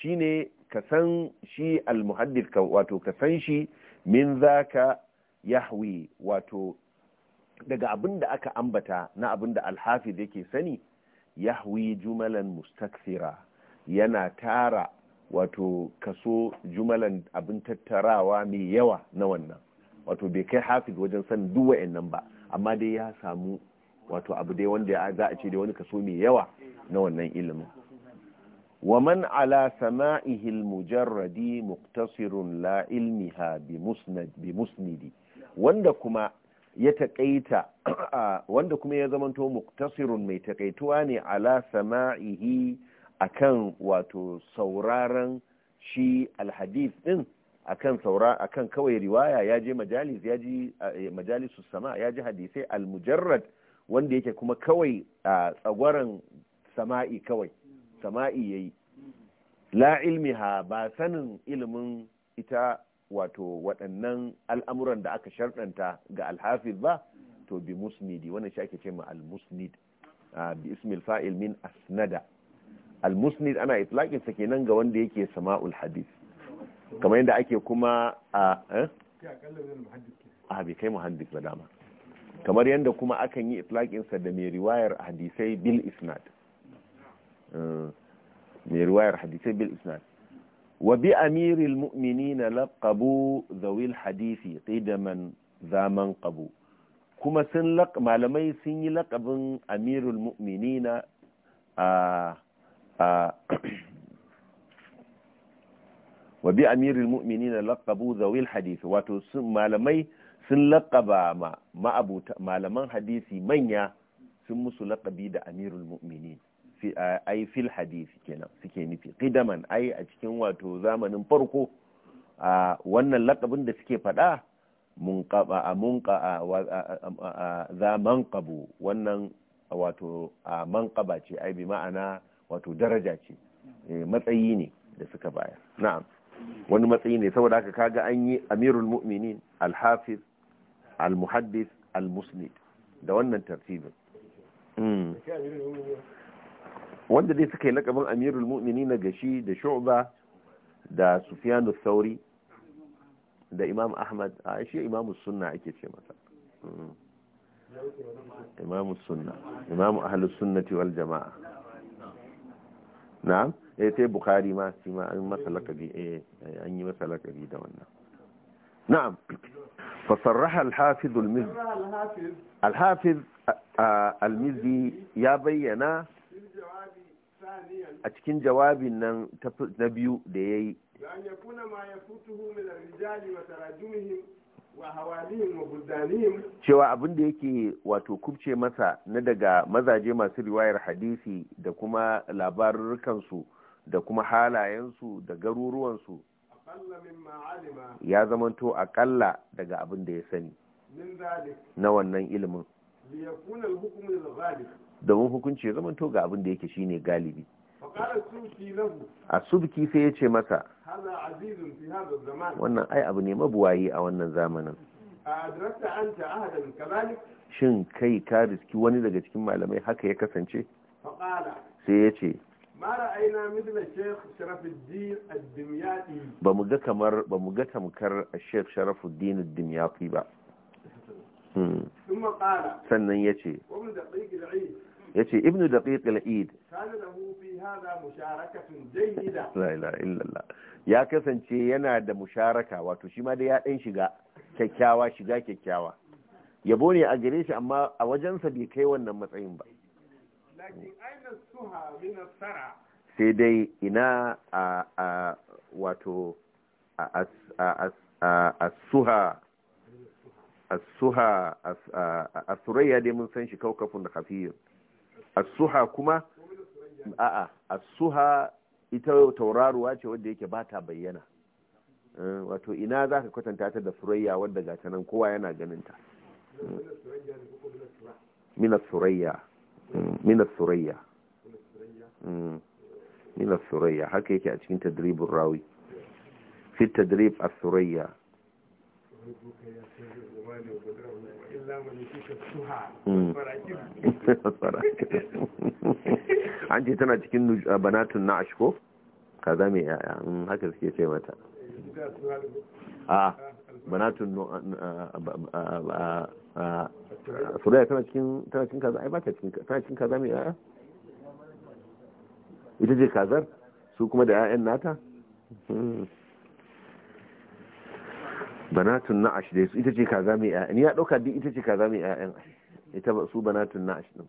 shine ka san shi al-muhaddis wato ka san shi min zaka yahwi wato daga abinda aka ambata na abinda alhafiz yake sani yahwi jumalan mustakthira yana tara wato kaso jumalan abin tattarawa mai yawa na wannan wato bai kai hafiz wajen san duk wayannan ba amma dai ya samu wato abu dai wanda za a ce da wani kaso mai yawa na wannan ilimin ومن ala sama'ihi mujarradi muktasirun la علمها بمسند بمسند wanda kuma ya taƙaita wanda kuma ya zamanto muktasirun mai taƙaituwa ne ala sama'ihi akan wato sauraron shi alhadis din akan saura akan kawai riwaya ya je majalis ya ji majalisus sama ya ji hadisai almujarrad wanda yake kuma kawai a tsagwaron sama'i kawai sama'i ya yi la ilmi ha ba sanin ilimin ita wato waɗannan al'amuran da aka sharɗanta ga alhafiz ba to bi musnidi wannan shi ake ce ma al-musnid bi ismil fa'il min asnada al-musnid ana itlaqin sa kenan ga wanda yake sama'ul hadith kamar yadda ake kuma a eh a bai kai muhaddis ba dama kamar yadda kuma akan yi itlaƙinsa da mai riwayar hadisai bil isnad eh, mai riwayar hadisai bil isnad wa bi amiril mu'minina laqabu zawil hadisi qidaman zaman qabu kuma sun malamai sun yi laqabin amirul mu'minina a wa bi amiril mu'minina laqabu zawil hadisi wato sun malamai sun laƙaba ma malaman hadisi manya sun musu laƙabi da amirul mu'minin ai fil hadisi kenan suke nufi qidaman ai a cikin wato zamanin farko a wannan laƙabin da suke faɗa munƙaba a munƙa za manƙabu wannan wato a manƙaba ce ai bi ma'ana wato daraja ce eh, matsayi ne da suka bayar na'am wani matsayi ne saboda haka kaga an yi amirul mu'minin al-hafiz al-muhaddis al-musnid da wannan tartibin hmm. wanda dai suka yi lakabin amirul mu'mini na gashi da shu'ba da sufiyanu thauri da imam ahmad a shi Imam sunna ake ce masa hmm. imam sunna Imam ahlus sunnati wal jama'a na'am eh sai bukhari ma shi ma an masa lakabi eh an yi masa lakabi da wannan na'am فصرح الحافظ المزي الحافظ المزي يا بينا a cikin jawabin يكون ما biyu da الرجال وتراجمهم cewa abin da yake wato kubce masa na daga mazaje masu riwayar hadisi da kuma labarurkansu da kuma halayensu da garuruwansu ya zamanto aƙalla daga abin da ya sani na wannan ilimin domin hukunci ya zamanto ga abin da yake shine galibi a subki sai ya ce masa wannan ai abu ne mabuwayi a wannan zamanin shin kai ka riski wani daga cikin malamai haka ya kasance sai ya ce ba mu ga kamar ba mu ga tamkar sheikh sharafuddin ad-dimyati ba sannan ya ce ya ce ibn daqiq al-eid ya kasance yana da musharaka wato shi ma da ya ɗan shiga kyakkyawa shiga kyakkyawa yabo ne a gare shi amma a wajensa bai kai wannan matsayin ba sai dai ina a wato a suha a surayya dai mun san shi kaukafun khafiyun as-suha kuma a'a suha ita tauraruwa ce wadda yake ba ta bayyana eh, wato ina za ka kwatanta ta da surayya wadda gata nan kowa yana ganin ta hmm. minas surayya minas surayya minas mm. surayya haka yake a cikin tadribin rawi fi tadrib a surayya mm. <laughs> an ce tana cikin banatun na ashko kaza mai yaya mm, haka suke ce mata ah. banatun suraya tana cikin tana cikin kaza ai ba ta cikin tana cikin kaza mai yaya ita ce kazar su kuma da yayan nata hmm. banatun na'ash su ita ce kaza mai yaya ni ya dauka duk ita ce kaza mai yayan ita ba su banatun na'ash din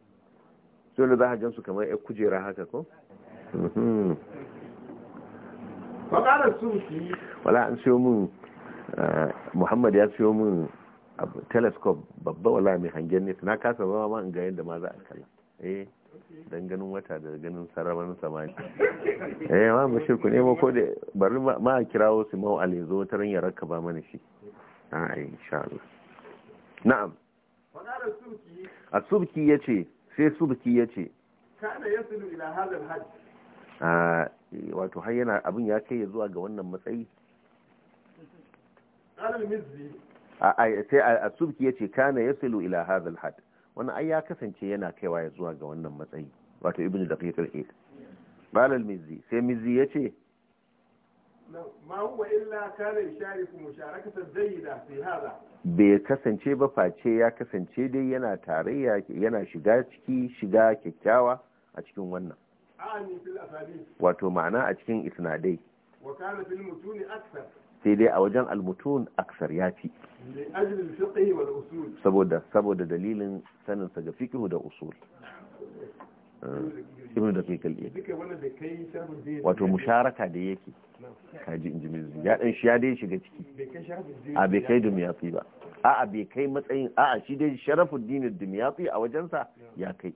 su wanda za a su kamar ya kujera haka ko hmm. wala an siyo mun Eh, muhammad ya siyo min telescope babba wala mai hangen nesa na kasa ba ma in ga yadda ma za a kalla eh dan ganin wata da ganin sararin samani eh ma mu shirku ne ko da bari ma a kirawo su mau ale zo ta ran ya raka ba mana shi a ah, insha Allah na'am a subki yace sai subki yace kana yasilu ila hadha al ah, eh, wato har yana abin ya kai zuwa ga wannan matsayi sai a subki ya ce kana ya silu ila hazal had Wani ai ya kasance yana kaiwa ya zuwa ga wannan matsayi wato ibn da kai hid balal mizzi sai mizzi ya ce ma huwa illa kana yushariku musharakatan zayyida fi hada bai kasance ba face ya kasance dai yana tarayya yana shiga ciki shiga kyakkyawa a cikin wannan wato ma'ana a cikin isnadai wa kana fil mutuni akthar sai dai a wajen almutun aksar ya fi saboda saboda dalilin sanin sa ga da usul eh, ibn da fiqh wato musharaka da yake kaji injimizi ya dan shi ya dai shiga ciki a bai kai dumiyatsi ba a a bai kai matsayin a a shi dai sharafin sharafuddin dumiyatsi a wajensa ya kai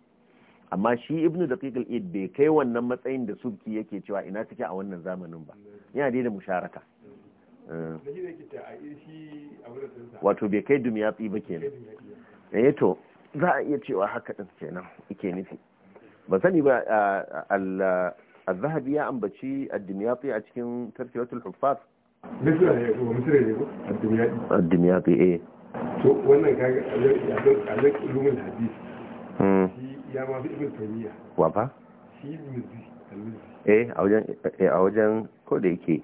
amma shi ibnu da id bai kai wannan matsayin da subki yake cewa ina take a wannan zamanin ba yana dai da musharaka wato bai kai dumiya tsi ba ke nan? eh to za a iya cewa haka din kenan yake nufi ba sani ba al-zahabi ya ambaci ad a cikin tarkiwatul huffaz ad-dimyati eh to wannan kaga ulumul hadith hmm. ya ma fi ibn taymiya wa shi eh a wajen eh a wajen ko da yake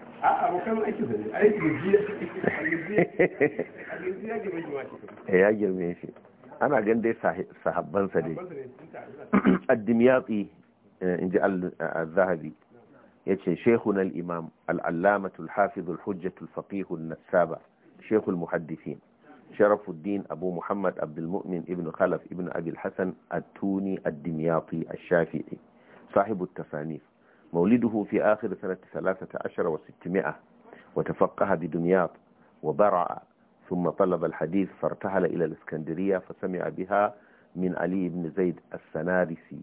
آه، إيه، يا جرمي شي انا جندي صاحبان سدي الدمياطي ان آه، جاء الذهبي يجي شيخنا الامام العلامه الحافظ الحجه الفقيه النسابه شيخ المحدثين شرف الدين ابو محمد عبد المؤمن ابن خلف ابن ابي الحسن التوني الدمياطي الشافعي صاحب التصانيف مولده في آخر سنة ثلاثة عشر وستمائة وتفقه بدنياط وبرع ثم طلب الحديث فارتحل إلى الإسكندرية فسمع بها من علي بن زيد السنارسي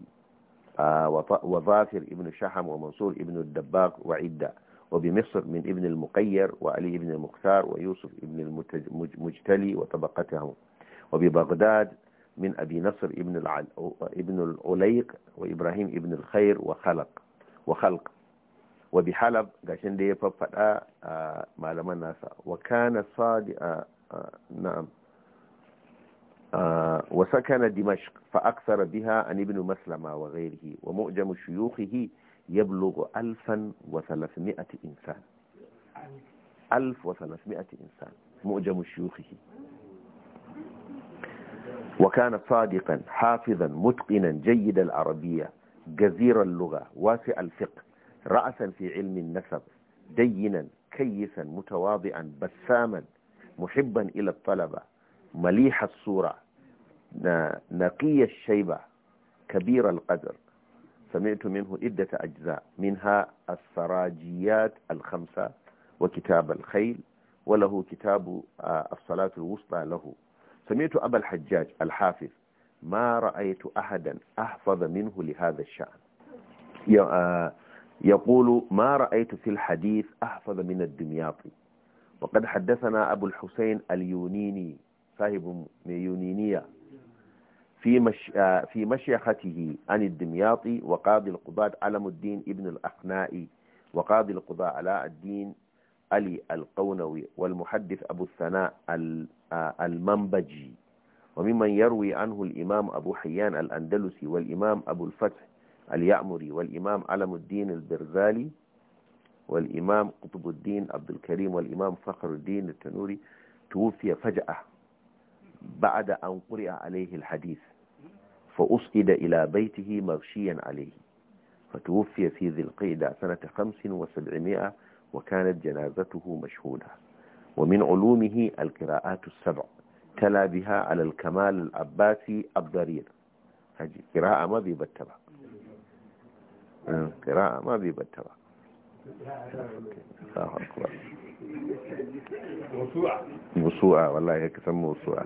آه، وظافر بن شحم ومنصور بن الدباق وعدة وبمصر من ابن المقير وعلي بن المختار ويوسف بن المجتلي وطبقتهم وببغداد من أبي نصر ابن العليق وإبراهيم ابن الخير وخلق وخلق وبحلب عشان دي ففدا ما لما وكان صادق نعم وسكن دمشق فأكثر بها عن ابن مسلمة وغيره ومعجم شيوخه يبلغ 1300 إنسان 1300 إنسان معجم شيوخه وكان صادقا حافظا متقنا جيد العربية جزير اللغة واسع الفقه رأسا في علم النسب دينا كيسا متواضعا بساما محبا إلى الطلبة مليح الصورة نقي الشيبة كبير القدر سمعت منه عدة أجزاء منها السراجيات الخمسة وكتاب الخيل وله كتاب آه، الصلاة الوسطى له سمعت أبا الحجاج الحافظ ما رأيت أحدا أحفظ منه لهذا الشأن آه، يقول ما رأيت في الحديث أحفظ من الدمياطي وقد حدثنا أبو الحسين اليونيني صاحب يونينية في, مش آه، في مشيخته عن الدمياطي وقاضي القضاة علم الدين ابن الأخنائي وقاضي القضاة علاء الدين علي القونوي والمحدث أبو الثناء آه، المنبجي وممن يروي عنه الإمام أبو حيان الأندلسي والإمام أبو الفتح اليعمري والإمام علم الدين البرزالي والإمام قطب الدين عبد الكريم والإمام فخر الدين التنوري توفي فجأة بعد أن قرئ عليه الحديث فأصعد إلى بيته مغشيا عليه فتوفي في ذي القيدة سنة خمس وسبعمائة وكانت جنازته مشهودة ومن علومه القراءات السبع Talabiha, Alalkamalil, abbasi abdarir haji qira'a bai batta ba eh, qira'a ma bai san musu'a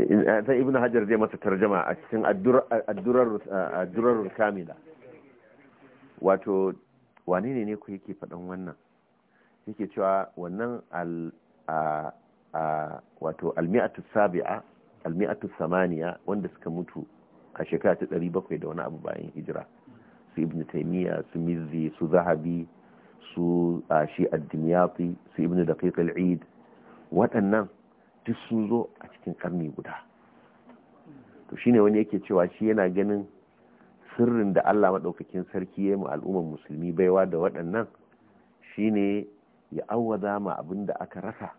eh, sai ibnu hajar zai masa tarjama a cikin adurar kamila wato wane ne ne ku yake faɗan wannan yake cewa wannan wato almi'atu sabi'a almi'atu samaniya wanda suka mutu a shekara ta ɗari bakwai da wani abu bayan hijira su ibn taymiya su mizzi su zahabi su shi addiniyati su ibn daqiq al-eid waɗannan duk sun zo a cikin karni guda to shine wani yake cewa shi yana ganin sirrin da Allah maɗaukakin sarki ya mu al'ummar musulmi baiwa da waɗannan shine ya awwaza ma abin da aka rasa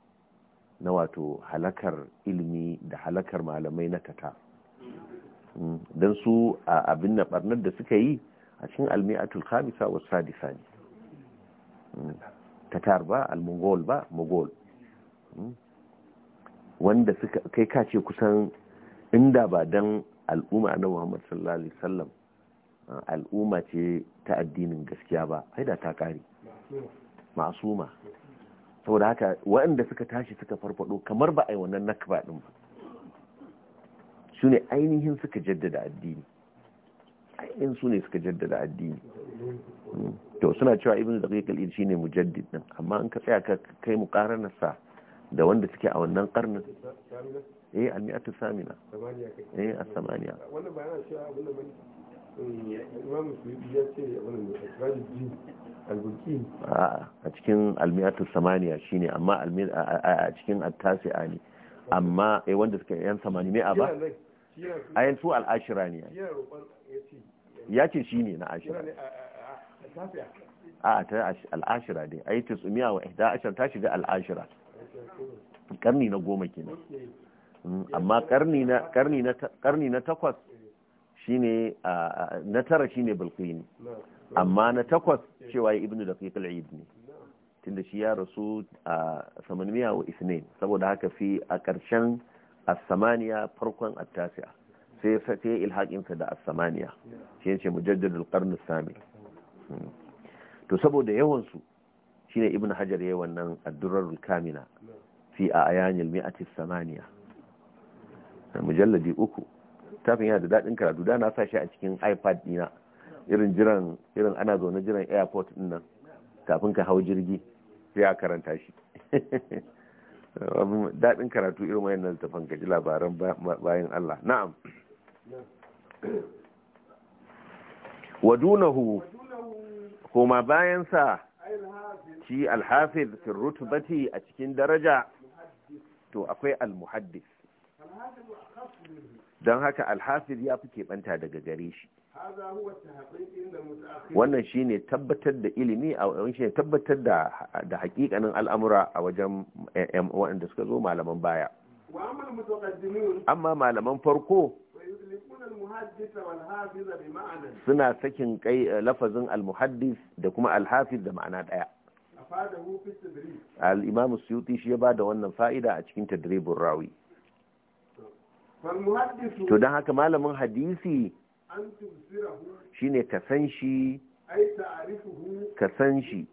na wato halakar ilimi da halakar malamai na kata mm. don su a abin na barnar da suka yi a cikin almi'atul khamisa wa sadisa ne mm. tatar ba al ba mogol mm. wanda suka kai kace kusan inda ba dan al'umma na Muhammad sallallahu alaihi wasallam al'umma ce ta addinin gaskiya ba haida ta kare masuma saboda haka waɗanda suka tashi suka farfado kamar ba a yi wannan nakba ɗin ba su ne ainihin suka jaddada addini ainihin su ne suka jaddada addini to suna cewa ibn zaqiq al shi ne mujaddid din amma in ka tsaya ka kai mu karanarsa da wanda suke a wannan karnin eh al atu samina eh as-samaniya wannan bayanan abin da a cikin almiyatu samaniya shine amma a cikin attasi'a ne amma eh wanda suka yan samani ne a ba a yan su al'ashira ne ya ce shi ne na ashira a ta al'ashira dai a yi tisumiya wa ihda ashir ta shiga al'ashira karni na goma kenan mm, amma karni na takwas shine na tara shine bulqini amma na takwas eh. cewa ibnu daqiq al-eid ne tunda shi ya rasu a samaniya wa isnin saboda haka fi a ƙarshen as farkon at-tasi'a sai sai ya ilhaƙinsa da as-samaniya shi yace mujaddid al-qarn hmm. to saboda yawan su shine ibnu hajar yayin wannan ad-durrul kamina fi ayanil mi'ati as-samaniya mujalladi uku littafin yana da daɗin karatu da na sa shi a cikin ipad dina irin jiran irin ana zaune jiran airport din nan kafin ka hau jirgi sai a karanta shi <laughs> daɗin karatu irin wayan nan littafin ka ji labaran bayan Allah na'am wadunahu dunahu kuma bayan sa shi alhafiz fi rutubati a cikin daraja to akwai almuhaddis don haka alhafiz ya fi keɓanta daga gare shi wannan shi ne tabbatar da ilimi a wajen shi ne tabbatar da hakikanin al'amura a wajen waɗanda suka zo malaman baya amma malaman farko suna sakin kai eh, lafazin almuhaddis da kuma alhafiz da ma'ana ɗaya al-imam suyuti shi ya ba da wannan fa'ida a cikin tadribin rawi to don haka malamin hadisi shine ka san shi ka san shi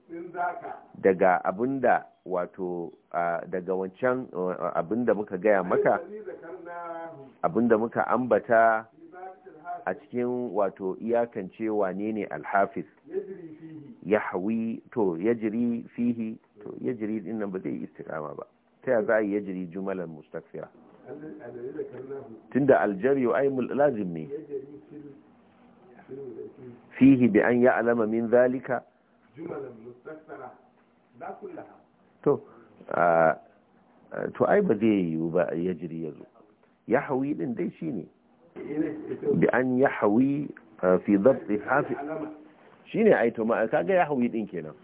daga abinda wato daga wancan abinda muka gaya maka abinda muka ambata a cikin wato iyakance wane ne Alhafis ya hawi to ya jiri fihi to ya jiri dinnan ba zai yi istirama ba ta ya za a yi ya jiri jumalar mustakfira tunda aljariyu ai lazim ne fihi bi an ya alama min zalika to to ai ba zai yiwu ba ya jiri ya zo ya hawi din dai shi ne bi an ya hawi fi zabti hafi shi ne ai to ma kaga ya hawi din kenan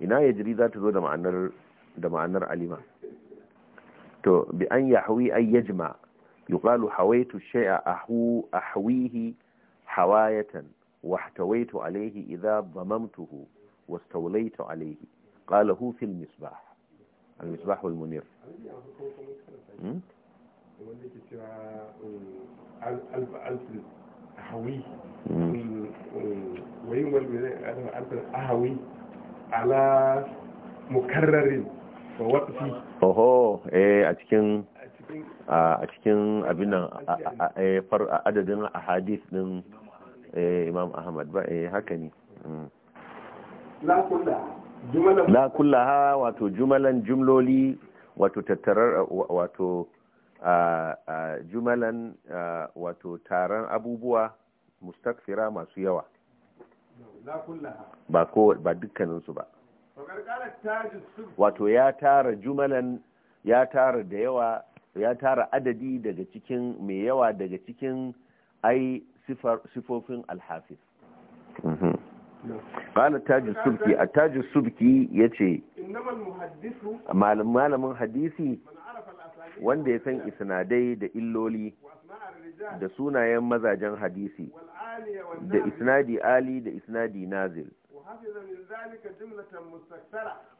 ina ya jiri za ta zo da ma'anar da ma'anar alima to بأن يحوي yahwi يجمع يقال حويت الشيء أحو أحويه حواية واحتويت عليه إذا ضممته واستوليت عليه قاله في المصباح المصباح والمنير وينول ألف أحوي على مكرر oho eh a cikin a cikin abin nan eh, a adadin ahadith din eh, imam ahmad ba eh haka ne mm. la kulla ha wato jumalan jumloli wato tattarar wato jumalan wato taron abubuwa mustakfira masu yawa ba ko ba dukkaninsu ba wato ya tara jumalan ya tara da yawa ya tara adadi daga cikin mai yawa daga cikin ai sifofin alhafiz ƙala mm-hmm. taji sulki. a taji sulki ya ce malamin hadisi wanda ya san isnadai da illoli da sunayen mazajen hadisi da isnadi ali da isnadi nazil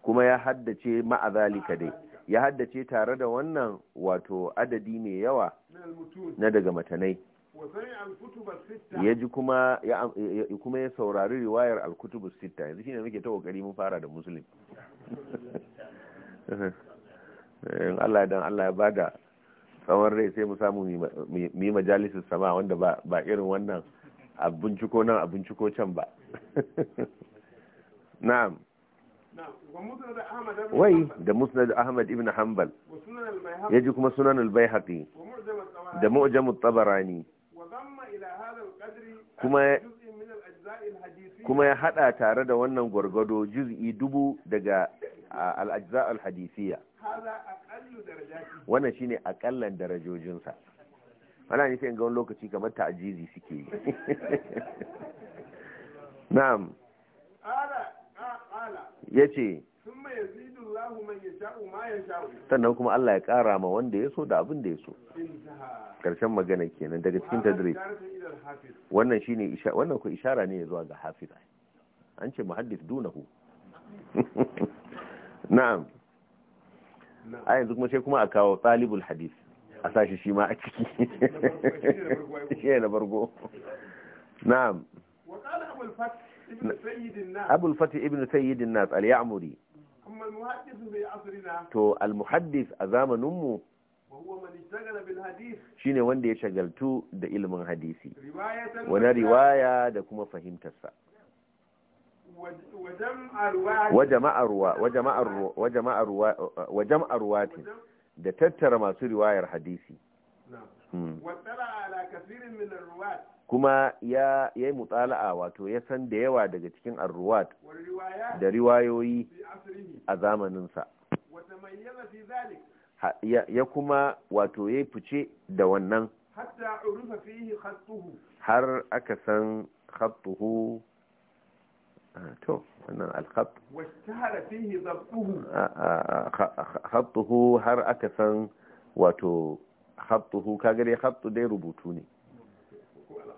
kuma ya haddace ma'a zalika dai ya haddace tare da wannan wato adadi mai yawa na daga matanai ya ji kuma ya saurari riwayar alkutubu sita yanzu shine muke ta kokari mun fara da musulun <laughs> in Allah dan Allah ya bada tsawon rai sai mu samu mi majalisun sama wanda ba irin wannan abinciko nan abinciko can ba <laughs> na'am wai da musnad ahmad ibn hanbal ya ji kuma sunan al-baihaqi da mu'jam tabarani kuma kuma ya hada tare da wannan gwargwado juz'i dubu daga al-ajza al-hadisiyya wannan shine akallan darajojinsa ana nufin ga wani lokaci kamar ta'ajizi suke yi <laughs> na'am ya ce sannan kuma Allah ya ƙara ma wanda ya so da abin da ya so ƙarshen magana kenan daga cikin tadrib wannan shine wannan ku ishara ne zuwa ga hafiza an ce muhaddis dunahu <laughs> na'am a yanzu kuma sai kuma a kawo talibul hadis a sashi shi ma a ciki <laughs> shi na bargo na'am abul fatih ibn sayyidin al-ya'muri to al-muhaddis a zamaninmu shine wanda ya shagaltu da ilimin hadisi wani riwaya da kuma fahimtarsa wajen arwatin da tattara masu riwayar hadisi kuma ya yi mutala'a wato ya san da yawa daga cikin arruwat da riwayoyi a zamaninsa ya kuma wato ya fice da wannan har aka san khattuhu to wannan khattuhu har aka san wato khattuhu kagare dai khattu dai rubutu ne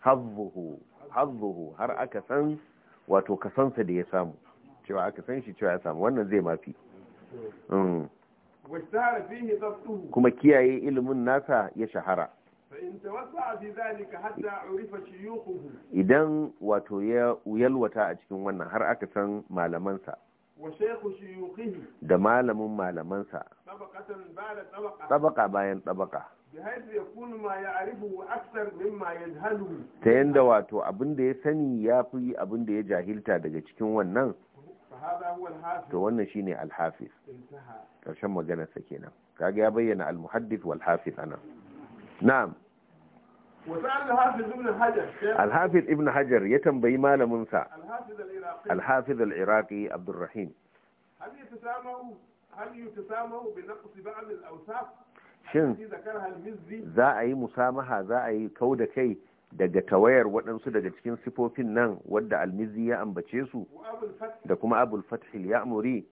hazzuhu har aka san wato kasansa da ya samu cewa aka san shi cewa ya samu wannan zai mafi kuma kiyaye ilimin nasa ya shahara idan wato ya yalwata a cikin wannan har aka san malamansa da malamin malamansa tabaka bayan tabaka ta yadda wato abin da ya sani ya fi abin da ya jahilta daga cikin wannan to wannan shine alhafiz ƙarshen sa kenan kaga ya bayyana almuhaddith wal hafiz ana na'am alhafiz ibn hajar ya tambayi malamin sa alhafiz al-iraqi abdurrahim hal hal bi ba'd al-awsaf shin za a yi musamaha za a yi kau da kai daga tawayar waɗansu daga cikin sifofin nan wadda almizi ya ambace su da kuma abul fathil ya amuri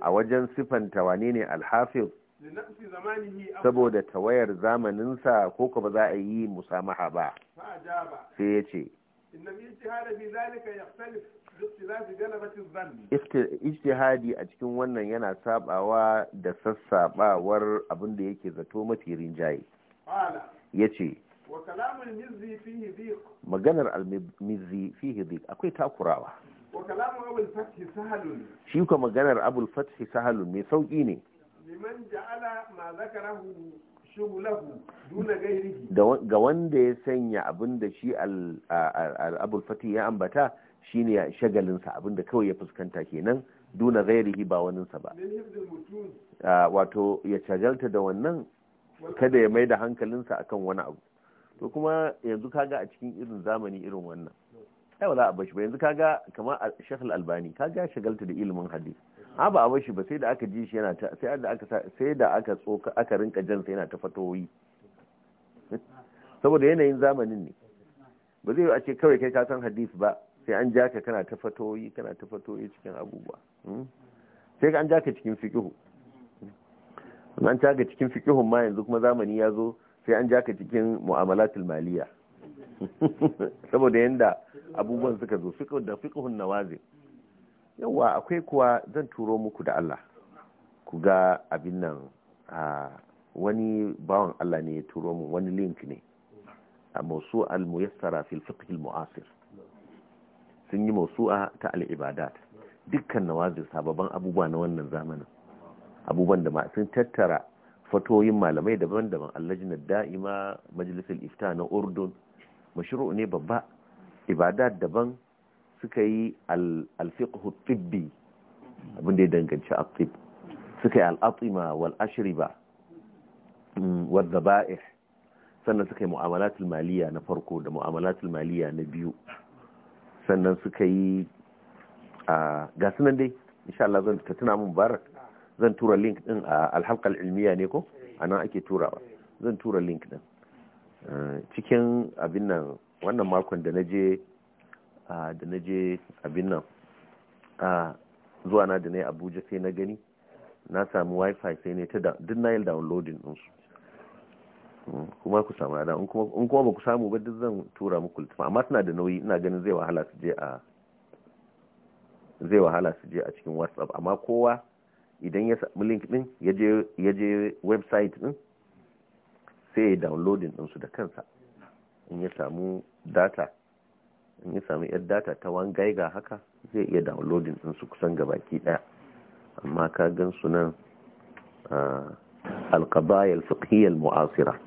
a wajen sifanta wane ne alhafiz saboda tawayar zamaninsa ko kuma za a yi musamaha ba sai ya ce ijtihadi a cikin wannan yana sabawa da sassabawar abin da yake zato mafi rinjaye ya ce maganar almizzi fi dik akwai takurawa shi kuma maganar abul fathi sahalun mai sauƙi ne ga wanda ya sanya abin da shi al abul ya ambata shine shagalinsa abinda kawai ya fuskanta kenan duna gairihi ba waninsa ba wato ya shagalta da wannan kada ya mai da hankalinsa akan wani abu to kuma yanzu kaga a cikin irin zamani irin wannan ai wala a bashi ba yanzu kaga kama a Al-Albani kaga shagalta da ilimin hadisi a ba a bashi ba sai da aka ji shi yana ta sai da aka sai da aka tsoka aka rinka jan sai yana ta fatoyi <laughs> saboda yanayin zamanin ne ba zai yi a ce kawai kai ka san hadisi ba sai an ja ka kana ta fatoyi kana ta fatoyi cikin abubuwa hmm? sai ka an ja ka cikin fikihu an ja ka cikin fikihun ma yanzu kuma zamani ya zo sai an ja ka cikin mu'amalatul maliya <laughs> saboda yanda abubuwan suka zo da da na nawazi yawa akwai kuwa zan turo muku da Allah ku ga abin nan a wani bawan Allah ne ya turo mu wani link ne a mawsu al muyassara fil fiqh al mu'asir sun yi mausu'a ta al'ibadat dukkan nawazin sababan abubuwa na wannan zamanin abubuwan da sun tattara fatoyin malamai daban-daban allajinar da'ima majalisar ifta na urdun mashiru ne babba ibadat daban suka yi alfiqhu tibbi abin da ya danganci aqib suka yi al'atima wal ashriba mm, wal zaba'ih sannan suka yi mu'amalatul maliya na farko da mu'amalatul maliya na biyu sannan suka yi a ga nan dai insha Allah zan ta tuna mun barak zan tura link din a alhalqal ilmiya ne ko anan ake turawa zan tura link din cikin abin nan wannan makon da naje da naje abin nan zuwa na da na Abuja sai na gani na samu wifi sai ne ta duk na yi downloading kuma ku samu ladan in kuma ba ku samu ba duk zan tura muku littafin amma suna da nauyi ina ganin zai wahala su je a zai wahala su je a cikin whatsapp amma kowa idan ya samu link din ya je website din sai ya downloading ɗinsu da kansa in ya samu data in ya samu yar data ta wan gaiga haka zai iya downloading ɗinsu kusan gabaki ɗaya amma ka gan su nan ah, alkabayar fiƙiyar mu'asira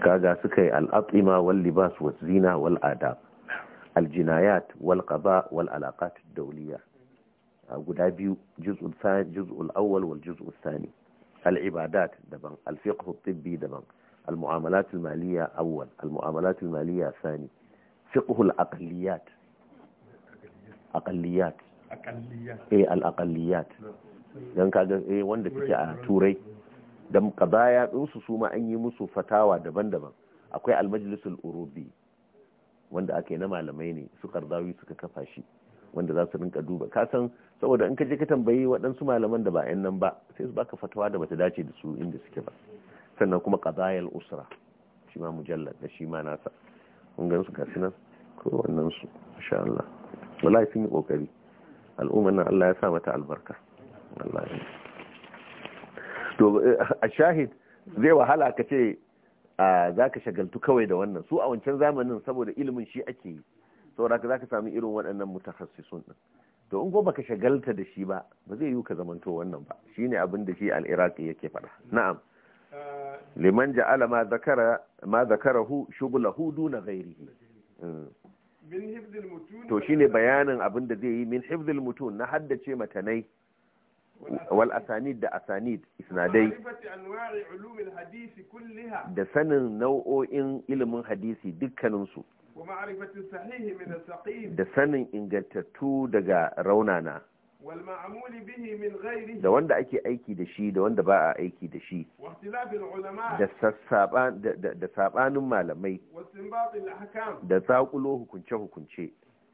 kaga suka yi al'atsima wal libas wal zina wal adab aljinayat wal qada wal alaqat dawliya guda biyu juz'ul thani juz'ul awwal wal juz'ul thani al ibadat daban al fiqh al tibbi daban al muamalat al maliya awwal al muamalat al maliya thani fiqh al aqliyat aqliyat aqliyat eh al aqliyat dan kaga eh wanda take a turai da kadaya ɗinsu su ma an yi musu fatawa daban-daban akwai almajlisul urubi wanda ake na malamai ne su kardawi suka kafa shi wanda za su rinka duba kasan saboda in ka je ka tambayi waɗansu malaman da ba 'yan nan ba sai su baka fatawa da bata dace da su inda suke ba sannan kuma qadayal usra shi ma mujallad da shi ma nasa kun ga su gasu nan ko wannan su insha Allah wallahi sun yi kokari al'umma nan Allah ya sa mata albarka wallahi to eh, a shahid zai wahala ka ce ah, za ka shagaltu kawai da wannan su a wancan zamanin saboda ilimin shi ake yi saboda ka za ka sami irin waɗannan mutakassisun ɗin to in gobe ka shagalta da shi ba ba zai yi ka zamanto wannan ba shine abin da shi al'iraki yake faɗa na'am eh, liman ja'ala ma zakara ma zakarahu shughlahu duna ghairihi hmm. to shine bayanin abin da zai yi min hifdil mutum na haddace matanai wal asanid da asanid isnadai da sanin nau'o'in ilimin hadisi dukkaninsu da sanin ingantattu daga raunana da wanda ake aiki da shi da wanda malamai da zaƙulo hukunce-hukunce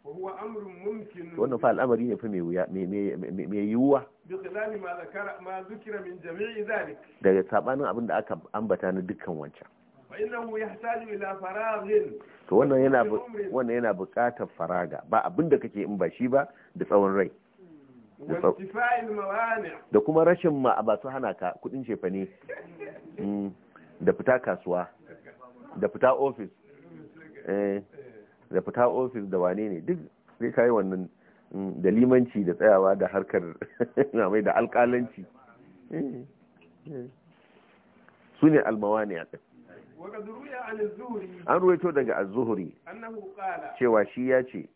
wannan fa al'amari ne fa mai yiwuwa daga sabanin abin da aka ambata na dukkan wancan to wannan yana wannan yana buƙatar faraga ba abin da kake in ba shi ba da tsawon rai da kuma rashin ma a basu hana ka kudin shefa <laughs> mm. da fita kasuwa da fita ofis eh. da fita ofis da wane ne duk zai kayi wannan mm, da limanci da tsayawa da harkar <laughs> mai da alkalanci su ne ne a ɗin an ruwaito daga azuhuri cewa shi ya ce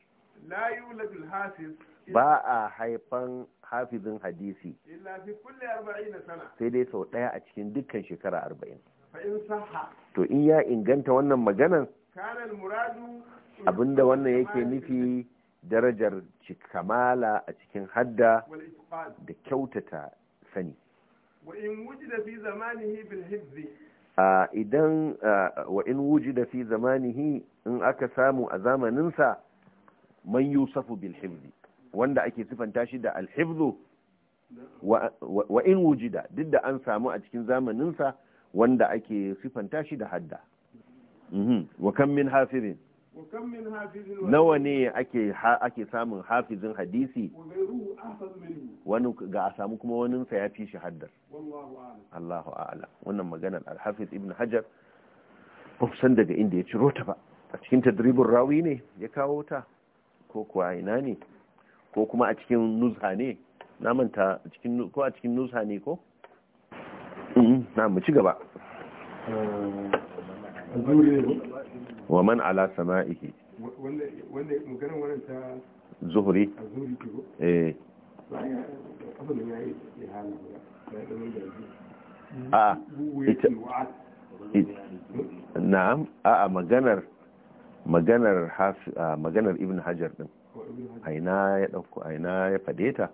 ba a haifan hafizin hadisi sai dai sau ɗaya a cikin dukkan shekara arba'in to in ya inganta wannan maganan abinda wannan yake nufi darajar kamala a cikin hadda da kyautata sani idan wa in da fi zamanihi in aka samu a zamaninsa man yusufu bil wanda ake sifanta shi da al wa in da duk da an samu a cikin zamaninsa wanda ake sifanta shi da hadda mhm. wa kan min hafirin nawa ne ake ake samun hafizin hadisi wani ga a samu kuma wani sa ya fi shi haddar Allahu a'ala wannan maganar al-hafiz ibn hajar ba san daga inda ya ciro ta ba a cikin tadribin rawi ne ya kawo ta ko kuwa ina ne ko kuma a cikin nuzha ne na manta ko a cikin nuzha ne ko na mu ci gaba wa man ala sama'ihi wanda maganar wannan zuhuri a eh. a ah, ah, maganar ibn hajar din aina ya dauko aina ya fade ta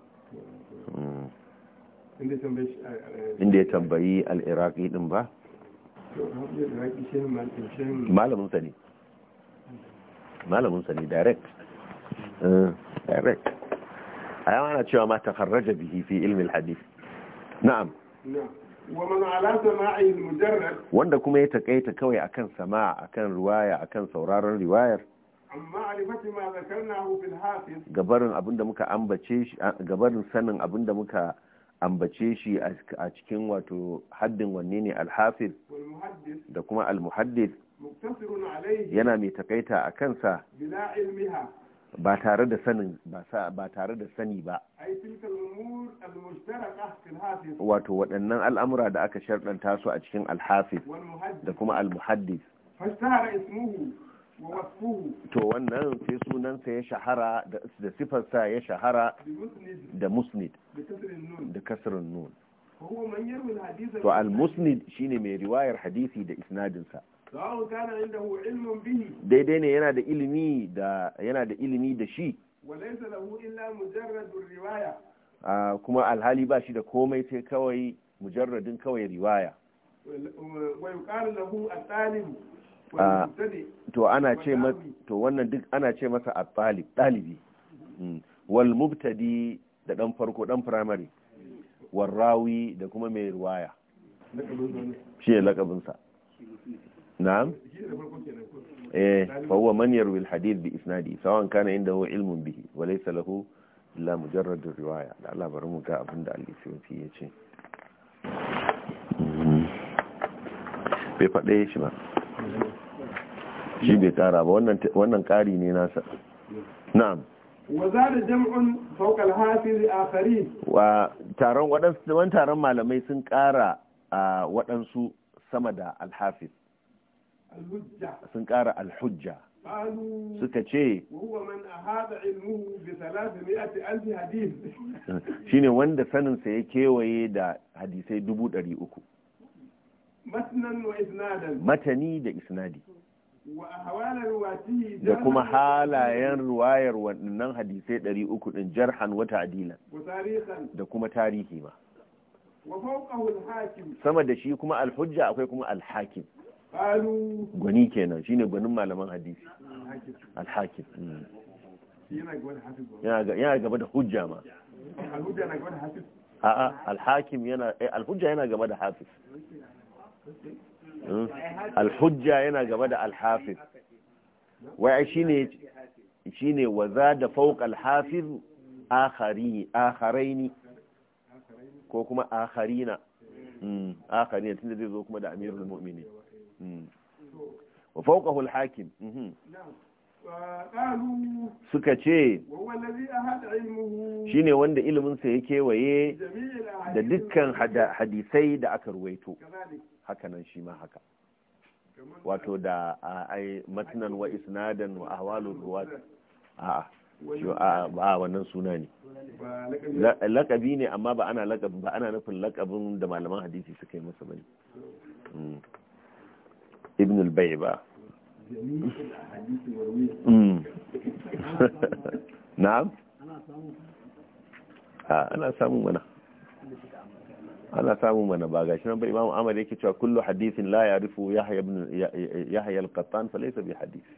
hmm. inda ya tambayi al-iraqi din ba malamin ne malamin ne direct eh, direct a yawa ana cewa ma tafarraja bihi fi ilmi hadith na'am wanda kuma ya takaita kawai akan sama akan riwaya akan sauraron riwayar gabarin abinda muka ambace shi gabarin sanin abinda muka ambace shi a cikin wato haddin wanne ne alhafiz da kuma almuhaddis yana mai takaita a kansa ba tare da sani ba wato waɗannan al'amura da aka sharɗanta su a cikin alhafiz da kuma almuhaddis to wannan sai sunansa ya shahara da sifarsa ya shahara da musnid da kasirin nun to al-musnid shine mai riwayar hadisi da isnadinsa daidai ne yana da ilimi da yana da ilimi da shi kuma alhali ba shi da komai sai kawai mujarradin kawai riwaya to ana ce to wannan duk ana ce masa at dalibi mm. wal mubtadi da dan farko dan primary wal rawi da kuma mai riwaya shi ne lakabinsa na'am eh fa huwa man yarwi alhadith bi isnadi sawan kana indahu ilmun bihi wa laysa lahu illa mujarrad riwaya da Allah bari mu ga abinda al-Isyuti yace hmm. bai faɗe shi ba shi bai ƙara ba taron malamai sun ƙara waɗansu sama da al sun ƙara alhujja suka ce <laughs> shi ne wanda saninsa ya kewaye da hadisai dubu ɗari uku matani da isnadi da kuma halayen ruwayar waɗannan hadisai ɗari uku ɗin jarhan wata adilan da kuma tarihi ma sama da shi kuma alhujja akwai kuma alhakim gwani kenan shine gwanin malaman hadisi alhakim yana gaba da hujja ma a'a alhakim yana alhujja yana gaba da hafiz eh, hmm? alhujja yana gaba da alhafiz wai shine shine waza da fauk alhafiz akhari akharaini ko kuma akharina hmm, akharina tunda zai zo kuma da amirul mu'minin Mm. wa fawqahu al-hakim mm-hmm. suka ce shi ne wanda iliminsa ya kewaye da dukkan hadisai da aka ruwaito hakanan shi ma haka wato da ai matnan wa isnadan wa ahwalur ruwat a a wannan suna ne lakabi ne amma ba ana lakabin ba ana nufin lakabin da malaman hadisi suka yi masa bane mm. ibn al-bai ba hmm. <laughs> na'am ah, ana samun mana ana samun mana ba gashi nan ba imamu amar yake cewa kullu hadithin la ya'rifu yahya ibn yahya al-qattan fa laysa bi hadith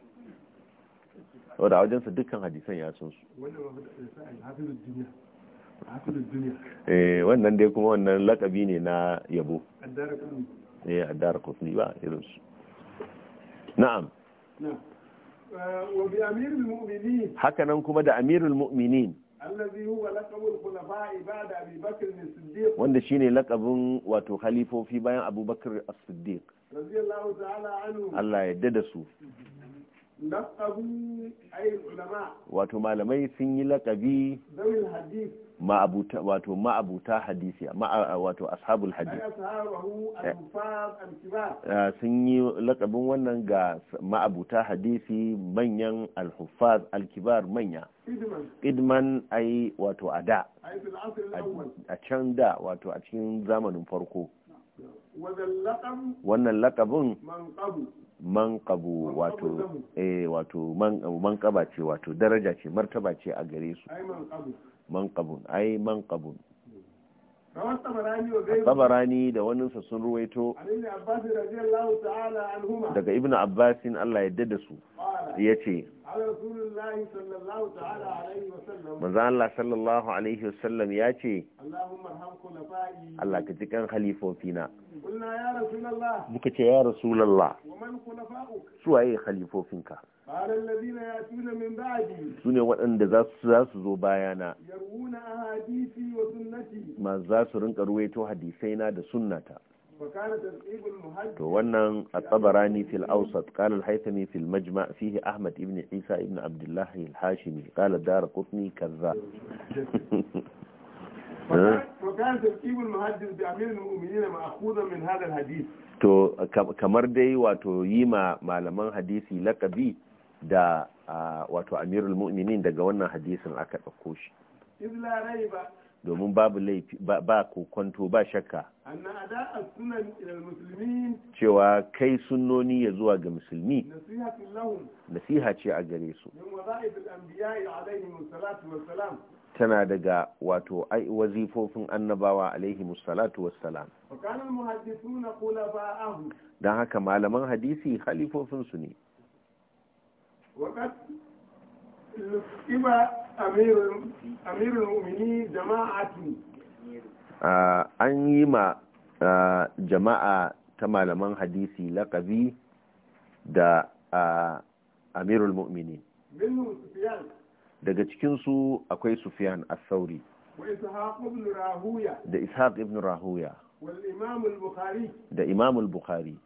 wanda a wajensa dukkan hadisan ya san su eh wannan dai kuma wannan lakabi ne na yabo eh addar qutni ba irin su na'am haka nan kuma da amirul mu'minin wanda shine lakabin wato khalifofi bayan abubakar as-siddiq Allah ya da su wato malamai sun yi lakabi ma'abuta wato ma'abuta hadisi wato ashabul hadisi sun yi lakabin wannan ga ma'abuta hadisi manyan alhuffaz alkibar manya idman ai wato a da a can da wato a cikin zamanin farko wannan lakabin manqabu wato eh wato manqaba ce wato daraja ce martaba ce a gare su manqabun ai manqabun tabarani da waninsa sun ruwaito daga ibn abbasin Allah ya da su ya ce manzo Allah sallallahu alaihi wasallam ya ce Allah ka ji kan khalifofina. muka ce ya rasulallah su waye halifofinka su ne waɗanda za su zo bayana ma za su rinka ruwaito hadisaina da sunnata to wannan at-tabarani fil awsat qala al-haythami fil majma' fihi ahmad ibn isa ibn abdullah al-hashimi qala dar qutni kazzab <laughs> وكان ترتيب المهدد بأمير المؤمنين مأخوذا من هذا الحديث to kamar dai wato yi ma malaman hadisi lakabi da wato amirul mu'minin daga wannan hadisin aka ɗauko shi. Iz la domin babu laifi ba kokonto ba shakka cewa kai sunnoni ya zuwa ga musulmi nasiha ce a gare su tana daga wato wazifofin annabawa alaihi musallatu wassalam don haka malaman hadisi halifofinsu ne iba amirul jama'atu an yi ma jama'a ta malaman hadisi laƙabi da amirul mu'mini daga cikinsu akwai sufiyan as-sauri da ishaq ibn rahuya da imamul bukhari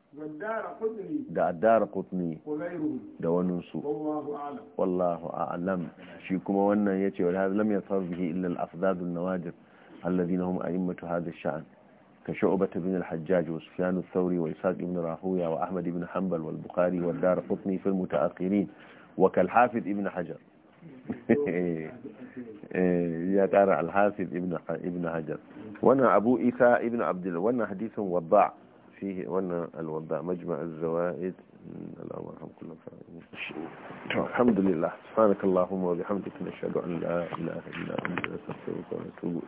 da addara kutni da waninsu wallahu a'lam shi kuma wannan ya ce wadda lam ya bihi illa al-afdadun nawajir alladhina hum a'immatu hadha ash-sha'n كشعبة بن الحجاج وسفيان الثوري وإسحاق بن راهوية وأحمد بن حنبل والبخاري والدار قطني في المتأخرين وكالحافظ ابن حجر <laughs> إيه، يا ترى الحافظ ابن ابن حجر وانا ابو عيسى ابن عبد وانا حديث وضاع فيه وأن الوضع مجمع الزوائد اللهم ارحم كل الحمد لله سبحانك اللهم وبحمدك نشهد ان لا اله الا انت نستغفرك ونتوب